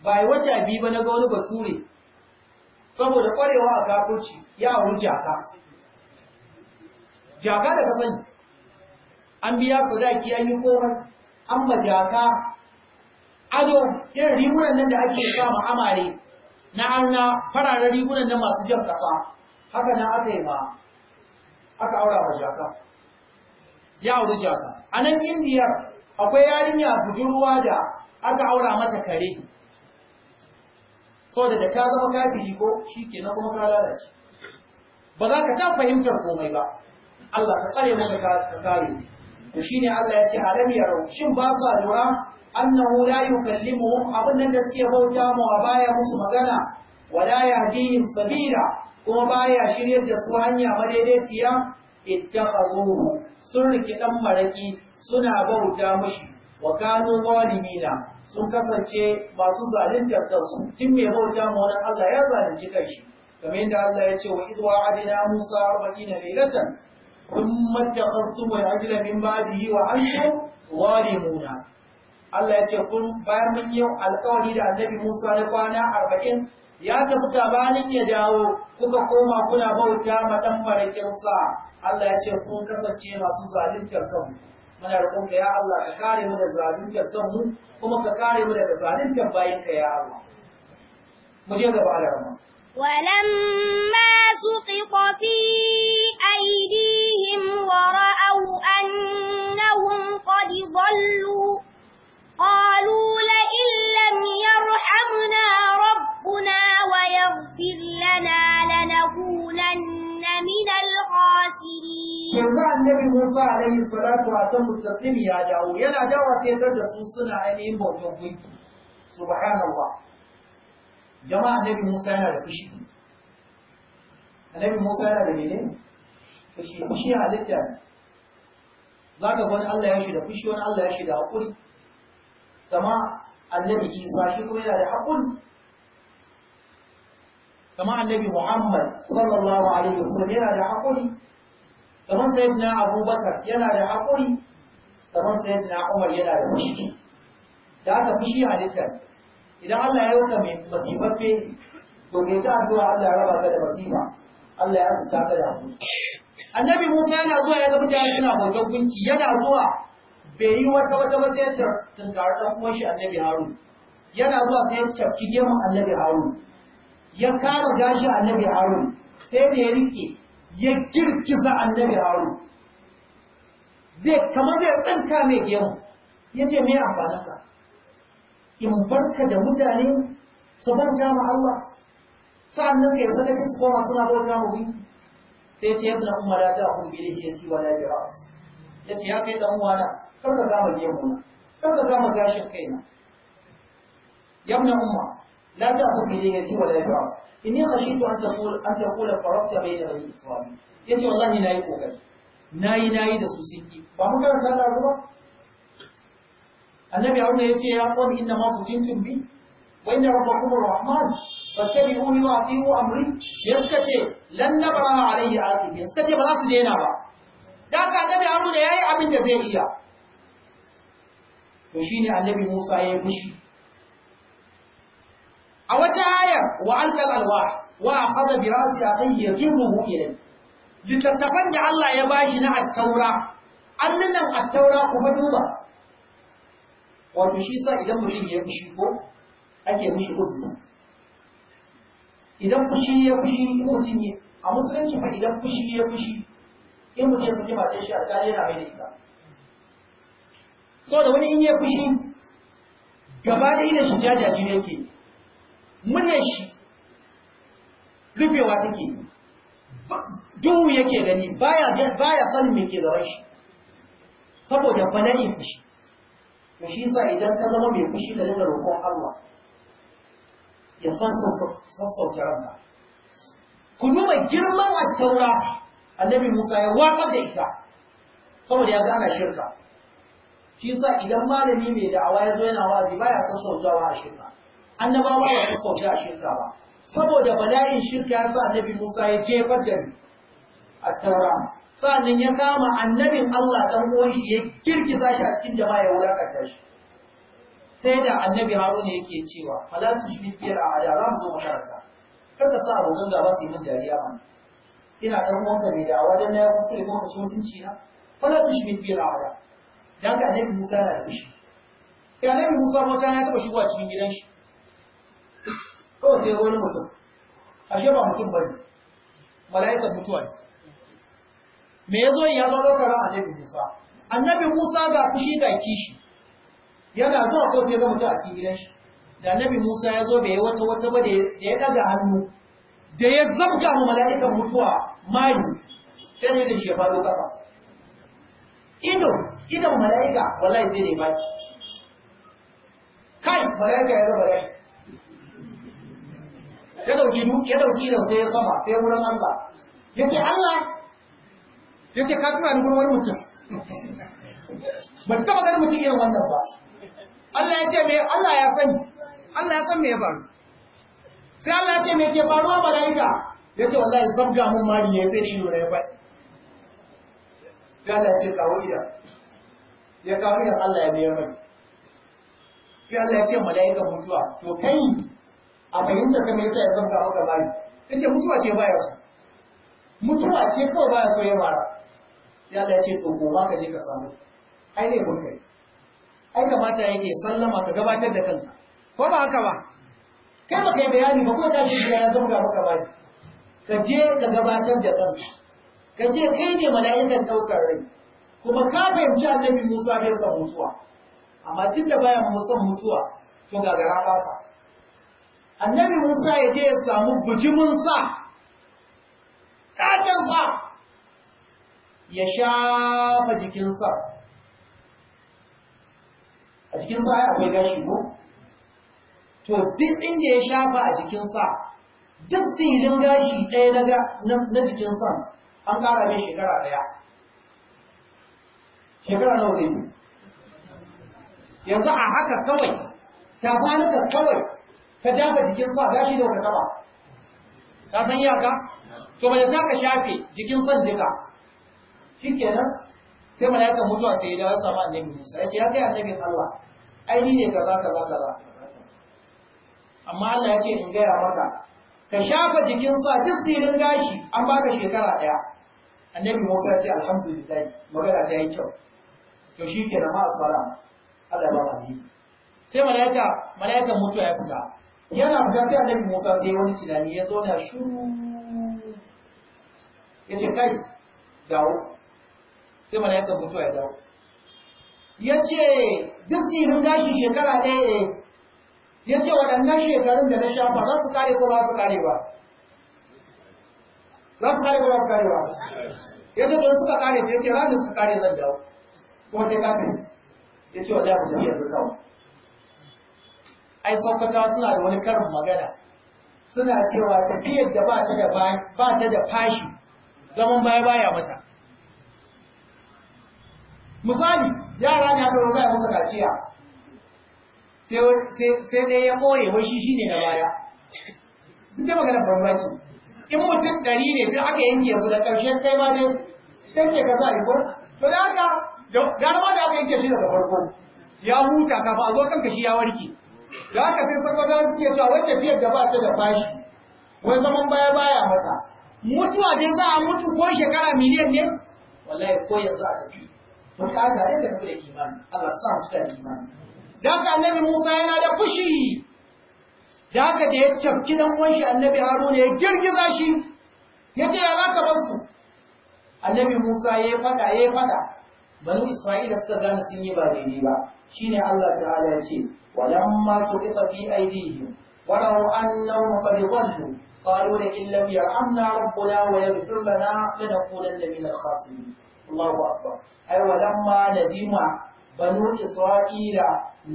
ba yi wata biyu ba na ga wani bature saboda kwarewa a kafirci ya auri jaka jaka da kasan an biya sadaki an yi komai an ma jaka ado irin rigunan nan da ake sa ma amare na na fararen rigunan nan masu jan kasa haka nan aka yi ma aka aura ma jaka ya auri jaka a nan indiyar akwai yarinya budurwa da aka aura mata kare so da ka zama kafiri ko shi ke na kuma ka lalace ba za ka ta fahimtar komai ba Allah ka tsare ka kare to shine Allah ya ce halam ya rau shin ba a lura annahu la yukallimuhum abin nan da suke bauta mu a baya musu magana wala yahdihim sabila kuma baya shiryar da su hanya madaidaiciya ittakhadhuhu sun riki dan maraki suna bauta mushi wa kanu zalimina sun kasance masu zaluntar kansu tun mai bauta ma wani Allah ya zalunci kanshi kamar yadda Allah ya ce wa idwa adina Musa 40 laylatan thumma ittakhadhtum wa ajla min ba'dihi wa antum zalimuna Allah ya ce kun bayan mun yi alƙawari da Annabi Musa na kwana 40 ya tafi gabanin ya dawo kuka koma kuna bauta ma dan marakin Allah ya ce kun kasance masu zaluntar kanku muna roƙon ka ya Allah ka kare mu daga zaluntar kanmu kuma ka kare mu daga zaluntar bayin ka ya Allah mu je gaba da rama ولما سقط في أيديهم ورأوا أنهم قد ضلوا قالوا لئن لم يرحمنا رب ربنا ويغفر لنا لنكونن من الخاسرين yanzu annabi Musa alaihi salatu wa ta mutaslim ya dawo yana dawo sai tar da su suna ainihin bautar gunki subhanallah jama'a annabi Musa yana da fushi annabi Musa yana da menene fushi fushi halitta za ka wani Allah ya shi da fushi wani Allah ya shi da haƙuri kama annabi Isa shi kuma yana da haƙuri kamar annabi Muhammad sallallahu alaihi wasallam yana da hakuri kamar sayyidina Abubakar yana da hakuri kamar sayyidina Umar yana da fushi da aka fushi halitta idan Allah ya yauka mai masifaffe to me ta addu'a Allah ya raba ka da masifa Allah ya azurta ka da hakuri annabi Musa yana zuwa ya ga mutane suna bautar gunki yana zuwa bai yi wata wata ba sai ya ɗan dan uwan shi annabi Harun yana zuwa sai ya cafki gemun annabi Harun ya kama gashi annabi harun sai da ya rike ya a annabi harun zai kama zai tsanka mai gemu ya ce mai amfaninka in barka da mutane su banta ma Allah sa'an nan ka yi sadaki su koma suna bauta mu gunki sai ce yabna umma la ta'khudh bi lihiyati wa la bi Ya ce ya kai dan uwana kar ka gama gemu na kar ka gama gashin kaina yabna umma لا تأخذ بدينتي ولا إبرام إني خشيت أن تقول أن تقول فرقت بين بني إسرائيل يتي والله لا يقول ناي ناي da su sun ba mu karanta da ruwa annabi haruna yace ya qul inna ma kuntum bi wa inna rabbakum arrahman fattabi'uni wa ati'u amri yaska ce lan nabraha alayhi aqib yaska ce ba za su daina ba yayi abin da zai iya to annabi musa ya yi a wata hayar wa alqal alwah wa akhadha bi ra'si akhihi yajruhu ilayhi littattafan da Allah ya ba shi na at-taura Attaura at-taura kuma duba wato shi sa idan mutum ya fushi ko ake mishi uzuri idan fushi ya fushi mutum ya a musulunci fa idan fushi ya fushi in mutum ya saki matan shi alƙali yana mai da ita saboda wani in ya fushi gaba da idan shi jajaji ne ke. muryar shi rufewa take duhu yake gani baya baya sanin me ke gaban shi saboda banani fushi to shi yasa idan ka zama mai fushi da dinga roƙon Allah ya san sassauta ranka ku duba girman attaura annabi Musa ya waƙar da ita saboda ya gana shirka shi yasa idan malami mai da'awa ya zo yana wazi baya sassautawa a shirka annabawa ba su kauce a shirka ba saboda bala'in shirka ya sa annabi Musa ya jefar da ni a taura sannan ya kama annabin Allah dan uwan shi ya girgiza shi a cikin jama'a ya wulakanta shi sai da annabi Haruna yake cewa fala tushrik a a'da za mu zo makaranta kada sa abokan gaba su yi min dariya ba ina dan uwanka mai da'awa dan na ya kuskure ko ka ci mutunci na fala tushrik bil a'da dan ka annabi Musa na da shi ya annabi Musa mata ya taba a cikin gidan shi kawai sai wani mutum ashe ba mutum bane Malaikar mutuwa ne me yazo ya zo daukar annabi Musa annabi Musa ga kushi ga kishi yana zuwa ko sai ga mutum a cikin gidan shi da annabi Musa ya zo da yi wata wata ba da ya daga hannu da ya zabga mu Malaikar mutuwa mali sai ne da shi ya faɗo ƙasa ido idon mala'ika wallahi sai ne baki kai mala'ika ya ga mala'ika ya dauki ya dauki da sai ya sama sai ya wurin Allah yace Allah yace ka tura ni gurbin wani mutum ban taba ganin mutum irin wannan ba Allah ya ce me Allah ya sani Allah ya san me ya faru sai Allah ya ce me ke faruwa malaika yace wallahi zabga mun mari ya sai ido da ya bai sai Allah ya ce kawo iya ya kawo iya Allah ya biya mai sai Allah ya ce malaika mutuwa to kai a fahimta ta me yasa ya zama kawo labari yace mutuwa ce baya so mutuwa ce kawai baya so ya mara ya Allah ya ce to goma ka je ka samu ai ne mun kai ai kamata yake sallama ka gabatar da kanka ko ba haka ba kai ba kai bayani ba ko ka ji ya zama maka bayi. ka je ka gabatar da kanka ka ce kai ne mala'ikan daukar rai kuma ka fahimci annabi Musa bai san mutuwa amma tunda baya musan mutuwa to gagara ba annabi Musa ya je ya samu bujimin sa kadan sa ya shafa jikin sa a jikin sa akwai gashi ko to duk inda ya shafa a jikin sa duk sirin gashi ɗaya na jikin sa an ƙara mai shekara ɗaya shekara nawa ne yanzu a haka kawai tafanuka kawai ka shafa jikin sa gashi da wata saba ka san ka. to bai za ka shafe jikin san duka shikenan sai mutu mutuwa sai ya dawo sama annabi Musa ya ce ya kai annabin Allah ai ni ne kaza kaza kaza amma Allah ya ce in gaya maka ka shafa jikin sa duk tsirin gashi an baka shekara daya annabi Musa ya ce alhamdulillah magana ta yi kyau to shikenan ma asara Allah ya ba mu sai mala'ika mala'ikan mutuwa ya fita yana fita sai annabi Musa sai wani tunani ya zauna shuru ya ce kai dawo sai mana mala'ikan mutuwa ya dawo ya ce duk tsirin gashi shekara ɗaya ya ce waɗannan shekarun da na shafa za su kare ko ba su kare ba za su kare ko ba su kare ba ya ce don suka kare ya ce ranar suka kare zan dawo kuma sai kafin ya ce wa jami'in yanzu kawo ai saukata suna da wani karin magana suna cewa tafiyar da ba ta da fashi zaman baya baya mata misali yara ne aka za a musu kaciya sai ɗaya ya ɓoye wai shi ne na baya duk da maganar banza in mutum ɗari ne duk aka yanke su da ƙarshe kai ma dai yanke ka za a ko to da aka, garma da aka yanke shi daga farko ya huta kafa a zo kanka shi ya warke da aka sai sakwata suke cewa wacce tafiyar da ba ta da fashi wai zaman baya baya mata mutuwa dai za a mutu ko shekara miliyan ne wallahi ko yanzu a tafi bukata ne da kuma imani Allah sa mu da imani da haka annabi Musa yana da fushi da ka da ya tafki dan uwan shi annabi Haruna ya girgiza shi yace ya zaka basu annabi Musa ya fada ya fada bani Isra'ila suka gane sun yi ba daidai ba shine Allah ta'ala ya ce walamma tuqita fi aydihim walau annahum qad dhallu qalu la in lam yarhamna rabbuna wa yaghfir lana lanakunanna min al-khasirin Allahu akbar ay walamma nadima banu isra'ila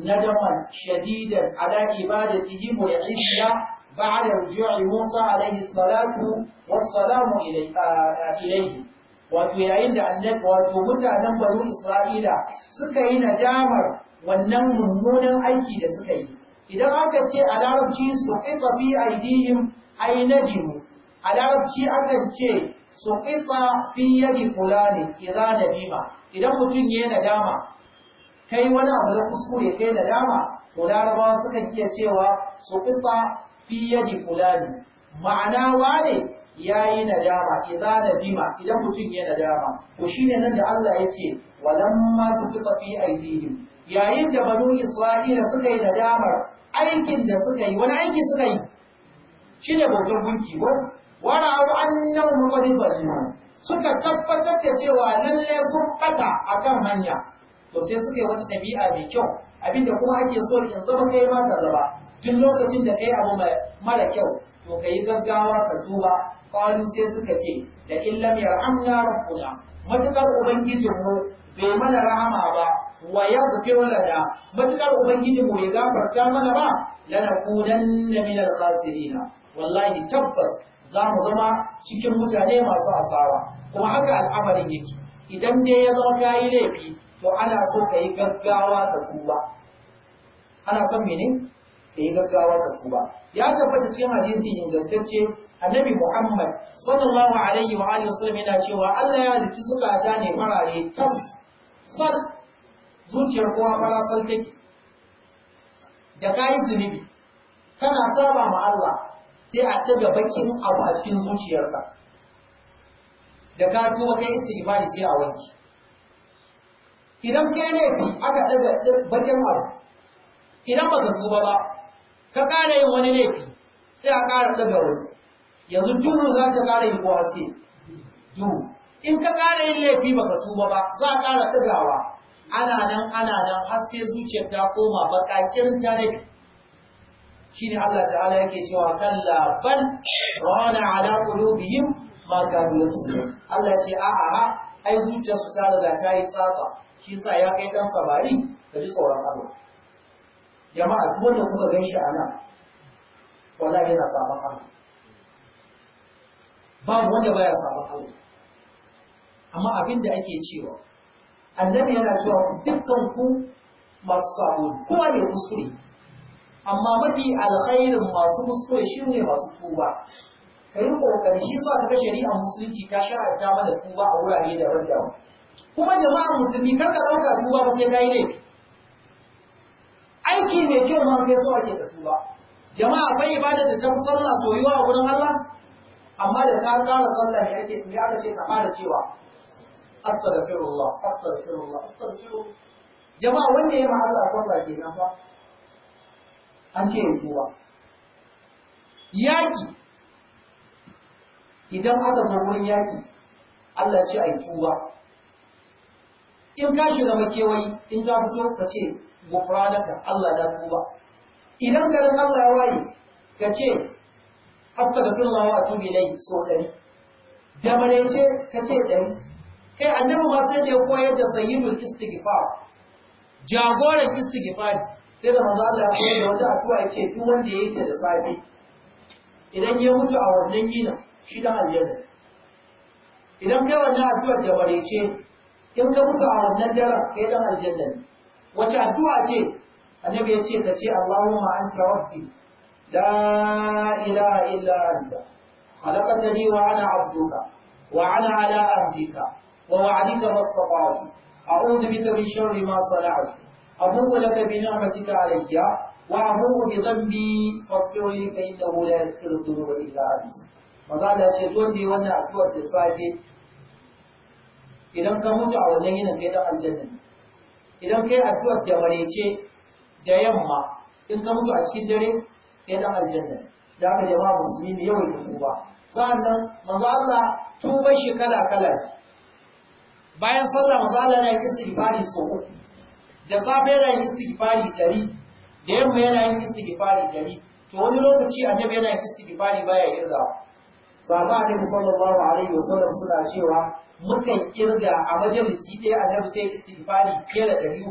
nadaman shadidan ala ibadatihim wa isya ba'da rujui Musa alayhi salatu wassalamu ilayhi uh, wato yayin da annab wato mutanen banu Isra'ila suka yi nadamar wannan mummunan aiki da suka yi idan aka ce a larabci su qita fi aidihim ay nadimu a larabci aka ce su qita fi yadi fulani idan nadima idan mutum ya nadama kai wani abu na kuskure kai nadama to larabawa suka iya cewa su qita fi yadi fulani ma'ana wane ya yi nadama idza nadima idan mutum ya nadama ko shine nan da Allah ya ce walamma suqita fi aydihim yayin da banu isra'ila suka yi nadamar aikin da suka yi wani aiki suka yi shine bautar gunki ko wala abu annahu muqaddimu suka tabbatar da cewa lalle sun fata akan hanya to sai suka yi wata ɗabi'a mai kyau abinda kuma ake so in zama kai ma ka zama duk lokacin da kai abu mara kyau to ka gaggawa ka tuba ƙwarin sai suka ce da illam yarhamna rabbuna matukar ubangijinmu bai mana rahama ba wa ya zafi walada matukar ubangijinmu ya gafarta mana ba lanakudanna da minar khasirina wallahi tabbas za mu zama cikin mutane masu asawa. kuma haka al'amarin yake idan dai ya zama kayi laifi to ana so ka yi gaggawa ka tuba ana son mene da eh, yi gaggawa da su ba ya tabbata cikin hadisi ingantacce annabi muhammad sallallahu alaihi wa alihi wasallam yana cewa Allah ya halicci zukata ne farare tas sal zuciyar kowa fara sal take da kai zunubi kana saba ma Allah sai a daga bakin abu a cikin zuciyarka da ka tuba kai istighfari sai a wanki idan kai ne aka daga bakin abu idan ba ka tuba ba ka ƙara yin wani laifi sai a ƙara ɗaga wani yanzu duhu za ta ƙara yi ko haske duhu in ka ƙara yin laifi baka tuba ba za a ƙara ɗagawa ana nan ana nan haske zuciyar ta koma baƙaƙirin ta laifi shi ne Allah ta'ala yake cewa kalla bal rana ala qulubihim ma kanu Allah ce a a ai zuciyarsu ta riga ta yi tsatsa shi sa ya kai dan sabari ka ji tsoron Allah jama'a duk wanda kuka gan shi a nan wallahi yana sabon Allah babu wanda baya sabon Allah amma abin da ake cewa annabi yana cewa dukkan ku masu sabo kowa ne kuskure amma mafi alkhairin masu kuskure shi ne masu tuba kai kokari shi sa daga shari'a musulunci ta ta mana tuba a wurare da daban kuma jama'ar musulmi kar ka dauka tuba ba sai kai ne aiki mai kyau ma bai so ake da tuba jama'a akwai ibada da tafi sallah soyuwa a gurin Allah amma da ka kara sallah ne ake ne aka ce ka fara cewa astaghfirullah astaghfirullah astaghfirullah jama'a wanda ya ma Allah sallah kenan fa an ce tuba yaki idan aka zo wurin yaki Allah ce a yi tuba in ka shiga makewayi in ka fito ka ce gufranaka Allah ya tuba idan garin Allah ya waye ka ce astaghfirullah wa atubu ilayhi so dari da marece ka ce dari kai annabi ma sai da ya koyar da sayyidul istighfar jagoran istighfar sai da manzo Allah ya koyar da wata addu'a yake duk wanda yake ta da safe idan ya mutu a wannan gina shi dan aljanna idan kai wannan addu'ar da ce, in ka mutu a wannan daren kai dan aljanna ne wace addu'a ce annabi ya ce ka ce Allahumma anta rabbi la ilaha illa anta khalaqtani wa ana abduka wa ana ala ahdika wa wa'adika A a'udhu bika min sharri ma sana'a. da bi na ka Wa sana'tu bi لك بنعمتك علي وأبوء بذنبي فاغفر لي فإنه لا يغفر الذنوب ila أنت maza da ce don yi wannan addu'ar da safe idan ka mutu a wannan yana kai dan aljanna idan kai addu'a da marece da yamma in ka mutu a cikin dare kai dan aljanna da aka jama'a musulmi ne yawan ta tuba sannan manzo Allah tuban shi kala kala bayan sallah manzo Allah yana yin istighfari so da safe yana yin istighfari dari da yamma yana yin istighfari dari to wani lokaci annabi yana yin istighfari baya irgawa sahaba annabi sallallahu alaihi wasallam suna cewa mukan kirga a majalisi ɗaya annabi sai istighfari fiye da ɗari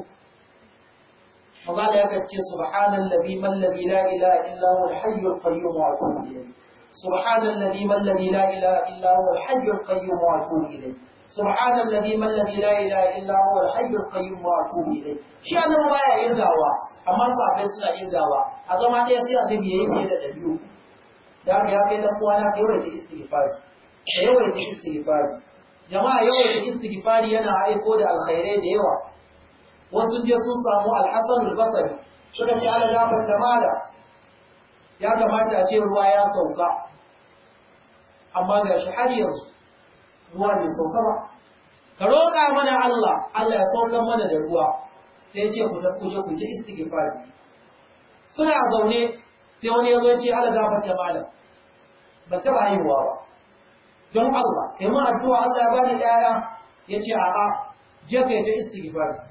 maza da ya ce subhanallazi man ladhi la ilaha illa huwa al-hayyul qayyum wa atubu ilayhi subhanallazi man ladhi la ilaha illa huwa al-hayyul qayyum wa atubu ilayhi subhanallazi man la ilaha illa huwa al-hayyul qayyum wa atubu ilayhi shi annabi baya irgawa amma sahabbai suna irgawa a zama ɗaya sai annabi yayi fiye da ɗari da haka ya kai dan uwana yawaita istighfari yawaita istighfari jama'a yawaita istighfari yana aiko da alkhairai da yawa wasu je sun samu al-Hasan al-Basri suka ce ala gafar tamala ya kamata a ce ruwa ya sauka amma ga shi har yanzu ruwa bai sauka ba ka roƙa mana Allah Allah ya sauka mana da ruwa sai ce ku ta ku je ku ji istighfari suna zaune sai wani ya zo ce ala ta malam ba ta ba haihuwa ba don Allah kai mun addu'a Allah ya ni ɗaya ya ce a'a je yi ta istighfar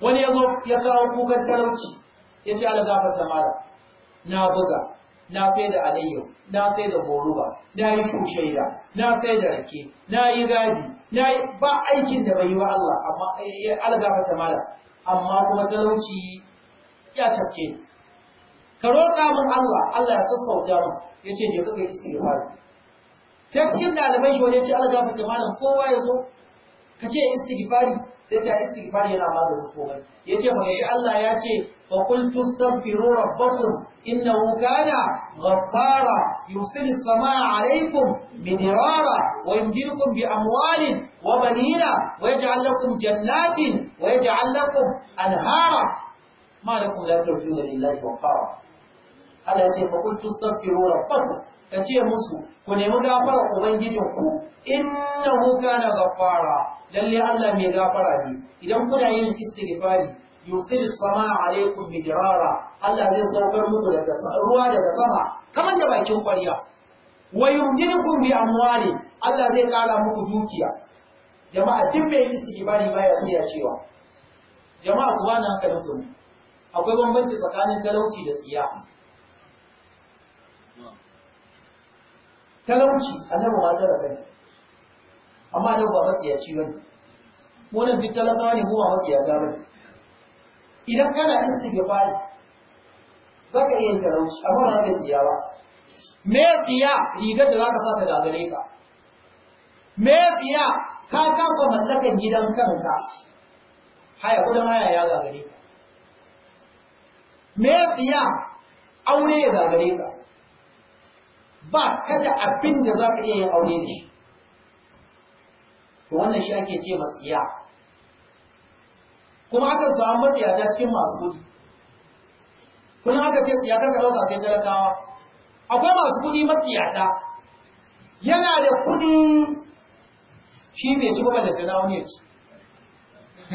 wani ya ya kawo kukan talauci ya ce ala ta malam na buga na sai da alayyau, na sai da goruba na yi shushaida na sai da rake na yi gadi na yi ba aikin da bai yi wa Allah amma ya eh, eh, algafata mala amma kuma talauci ya tafke ni ka roƙa min Allah Allah ya sassauta min ya ce je kuka istighfar sai cikin dalibai shi wani ya ce Allah ya fita malam kowa ya zo ka ce istighfari sai ta istighfari yana maganin komai ya ce shi Allah ya ce fa qultu astaghfiru rabbakum innahu kana ghaffara yursilu samaa alaykum bidirara wa yumdidukum bi amwalin wa banina wa yaj'al lakum jannatin wa yaj'al lakum anhara ma da kun la tarjuna lillahi wa Allah ya ce fa kun tastaghfiru rabbakum ka ce musu ku nemi gafara ubangijin ku innahu kana ghaffara lallai Allah mai gafara ne idan kuna yin istighfari yusil sama alaikum midrara Allah zai saukar ruwa daga sama kamar da bakin kwarya wa yumdinukum bi amwali Allah zai kara muku dukiya jama'a duk mai istighfari baya tsiya cewa jama'a kuwa na hankalin ku akwai bambanci tsakanin talauci da tsiya talauci annabi ma da kai amma annabi ba matsiyaci bane wannan duk talakawa ne kuma matsiyata bane idan kana istighfar ka iya talauci amma ba zaka tsiya ba me tsiya rigar da za zaka sa ta gare ka me tsiya ka kasa mallakan gidan kanka haya kudin haya ya gagare ka me tsiya aure ya gagare ka ba kada abin da za ka iya yin aure da shi to wannan shi ake ce matsiya kuma aka samu ta cikin masu kudi kuma aka ce tsiyatar ka ɗauka sai talakawa akwai masu kudi matsiyata yana da kudi shi bai ci kuma da tana wani ya ci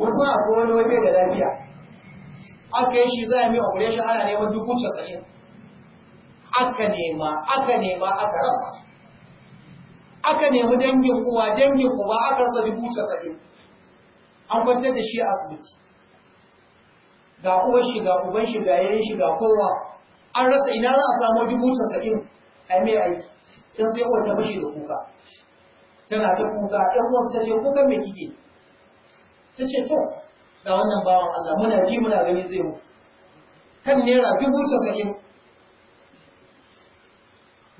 wasu akwai wani wai bai da lafiya aka yi shi za a mai operation ana neman dubu casa'in aka nema aka nema aka rasa aka nemi dangin kuwa dangin kuwa aka rasa dubu casa'in an kwantar da shi a asibiti ga uwar shi ga uban shi ga yayin shi ga kowa an rasa ina za a samu dubu casa'in a mai aiki can sai uwar ta mashi da kuka tana ta kuka ɗan uwarsa ta ce kuka mai kike ta ce to ga wannan bawan Allah muna ji muna gani zai mu kan naira dubu casa'in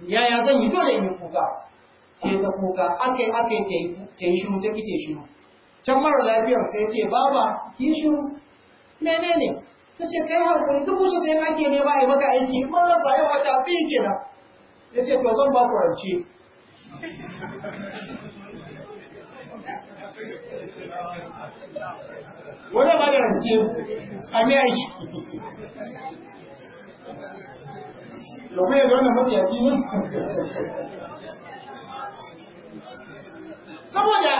yaya zan yi dole in yi kuka ce ta kuka aka yi aka yi ta yi shiru ta kite shiru can mara lafiyar sai ce baba yi Mene menene ta ce kai haƙuri dubu casa'in ake ne ba a yi maka aiki mun rasa yau wata fi kenan ya ce to zan ba ku rance wani ba da rance a mai aiki domin yadda wannan yaki ne saboda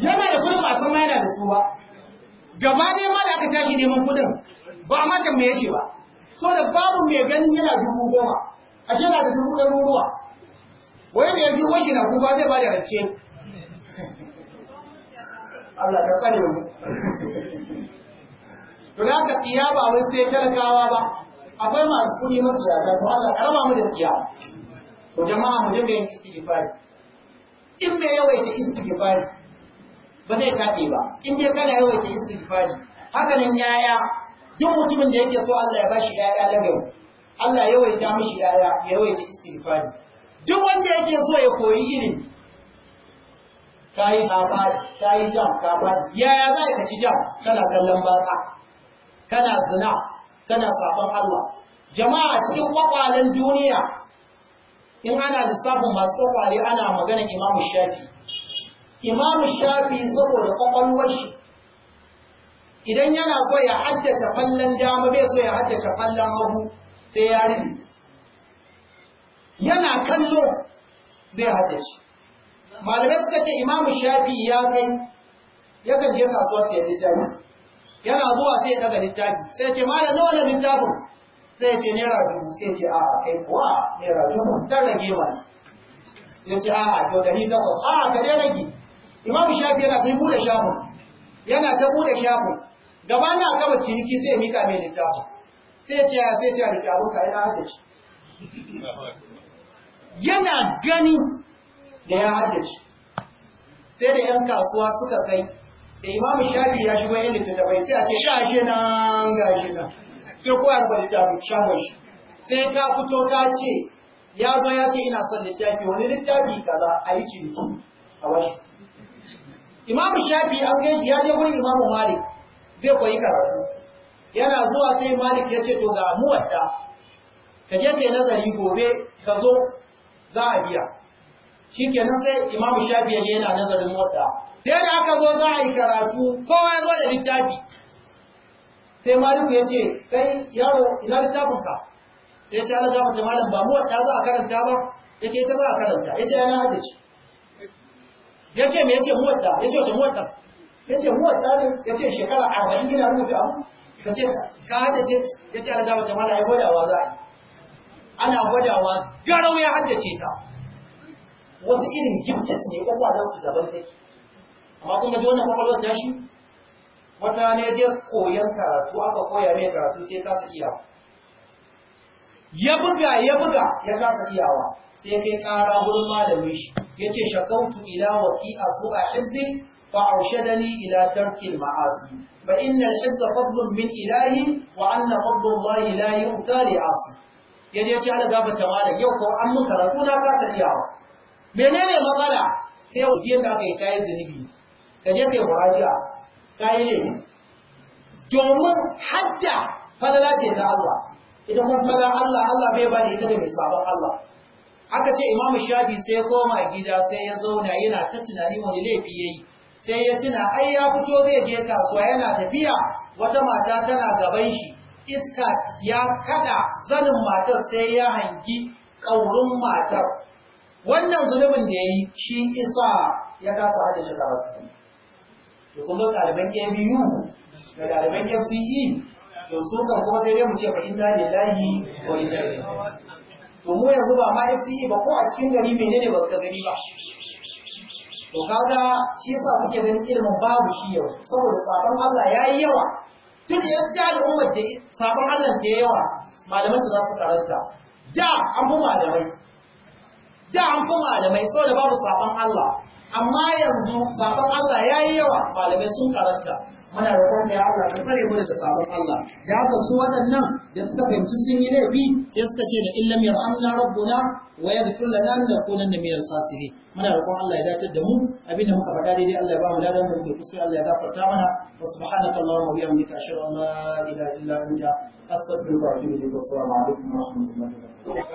yana da kudin masu san yana da su ba gaba ne ma da aka tashi neman kudin ba a matan mai yake ba saboda babu mai ganin yana dubu goma a shi yana da dubu ɗaruruwa wani da ya wani shi na kuka zai ba da rance Allah ka tsare mu to da ka tsiya ba wai sai talakawa ba akwai masu kuɗi matsiyaka to Allah ka raba mu da tsiya to jama'a mu dinga yin istighfar in me yawaita istighfar ba zai tafi ba in dai kana yawaita istighfar haka nan yaya duk mutumin da yake so Allah ya bashi yaya lagari Allah yawaita mishi yaya yawaita istighfar duk wanda yake so ya koyi ilimi ka yi ka yi jam ka faɗi yaya za ka ci jam kana kallon baka, kana zina kana sabon Allah jama'a cikin kwakwalen duniya in ana lissafin masu kwakwale ana magana imam shafi imam shafi saboda kwakwalwar shi idan yana so ya haddace fallan dama bai so ya haddace fallan hagu sai ya rubi yana kallo zai haddace malamai suka ce Imam shafi ya kai yakan je kasuwa siyan littafi yana zuwa sai ya daga littafi sai ya ce malam nawa ne littafin sai ya ce naira dubu sai ya ce a kai kuwa naira dubu dan rage mana ya ce a'a to dari takwas a'a ka dai rage Imam shafi yana ta bude shafin yana ta bude shafin gaba na gaba ciniki sai ya mika mai littafin sai ya ce ya sai ya ce a rike abuka yana hada shi yana gani da ya haddace sai da 'yan kasuwa suka kai da imamu shafi ya shigo yin littattafai sai a ce sha shi nan ga shi nan sai kowa ya rubuta littafin shagon shi sai ka fito ka ce ya zo ya ce ina son littafi wani littafi kaza a yi ciniki a washi imamu shafi an gaji ya je wurin imamu malik zai koyi karatu yana zuwa sai malik ya ce to ga muwadda ka je ka yi nazari gobe ka zo za a biya nan sai Imam Shafi yana nazarin wadda sai da aka zo za a yi karatu kowa ya zo da littafi sai Maliku ya ce kai yaro ina littafinka sai ya ce ana gafa ta malam ba mu wadda za a karanta ba ya ce ita za a karanta ya ce yana haddace ya ce me ya ce mu wadda ya ce wace mu wadda ya ce mu wadda ne ya ce shekara arba'in gina rubuta abu ka ce ka ce? ya ce ana gafa ta malam ya gwadawa za a ana gwadawa garau ya ce ta wasu irin gifted ne ko za su daban take amma kun gaji wannan kwakwalwar ta shi wata ne je koyan karatu aka koya mai karatu sai kasa iyawa ya buga ya buga ya kasa iyawa sai kai kara wurin malamin shi Ya ce shakautu ila waki asu a hizbi fa arshadani ila tarkin ma'azi? Ba inna al-hizba fadlun min ilahi wa anna fadlullahi la yu'ta li asu?" yaje ya ce ala gaba ta malam yau ko an mun karatu na kasa iyawa menene matsala sai wa biyan da aka yi kayan zanibi ka je kai wajiya kayi ne domin hadda fadala ce ta Allah ita kuma fadala Allah Allah bai bani ita da mai sabon Allah aka ce imamu shafi sai ya koma gida sai ya zauna yana ta tunani wani laifi yayi sai ya tuna ai ya fito zai je kasuwa yana tafiya wata mata tana gaban shi iska ya kada zanin matar sai ya hangi ƙaurin matar wannan zunubin da ya yi shi isa ya kasa shi karatu kuma da zo ɗaliban abu da ɗaliban fce da su kan kuma sai dai mu ce ba inna lillahi ko inna ilaihi to mu yanzu ba ma fce ba ko a cikin gari menene ba su ka gari ba to kaga shi yasa kuke ganin ilimin babu shi yau saboda sabon Allah ya yi yawa tun yadda al'ummar da sabon Allah ta yawa su za su karanta da an fi malamai da an fi malamai sau da babu sabon Allah amma yanzu sabon Allah ya yi yawa malamai sun karanta muna roƙon da Allah ka tsare mu da sabon Allah da haka su waɗannan da suka fahimci sun yi laifi sai suka ce da illam yarhamna rabbuna wa yaghfir lana lanakunanna minal khasirin muna roƙon Allah ya dace da mu abinda muka faɗa daidai Allah ya ba mu ladan mu da kuskure Allah ya gafarta mana wa subhanaka allahumma wa bihamdika ashhadu an la ilaha illa anta astaghfiruka wa atubu ilayk wa assalamu alaikum wa rahmatullahi wa barakatuh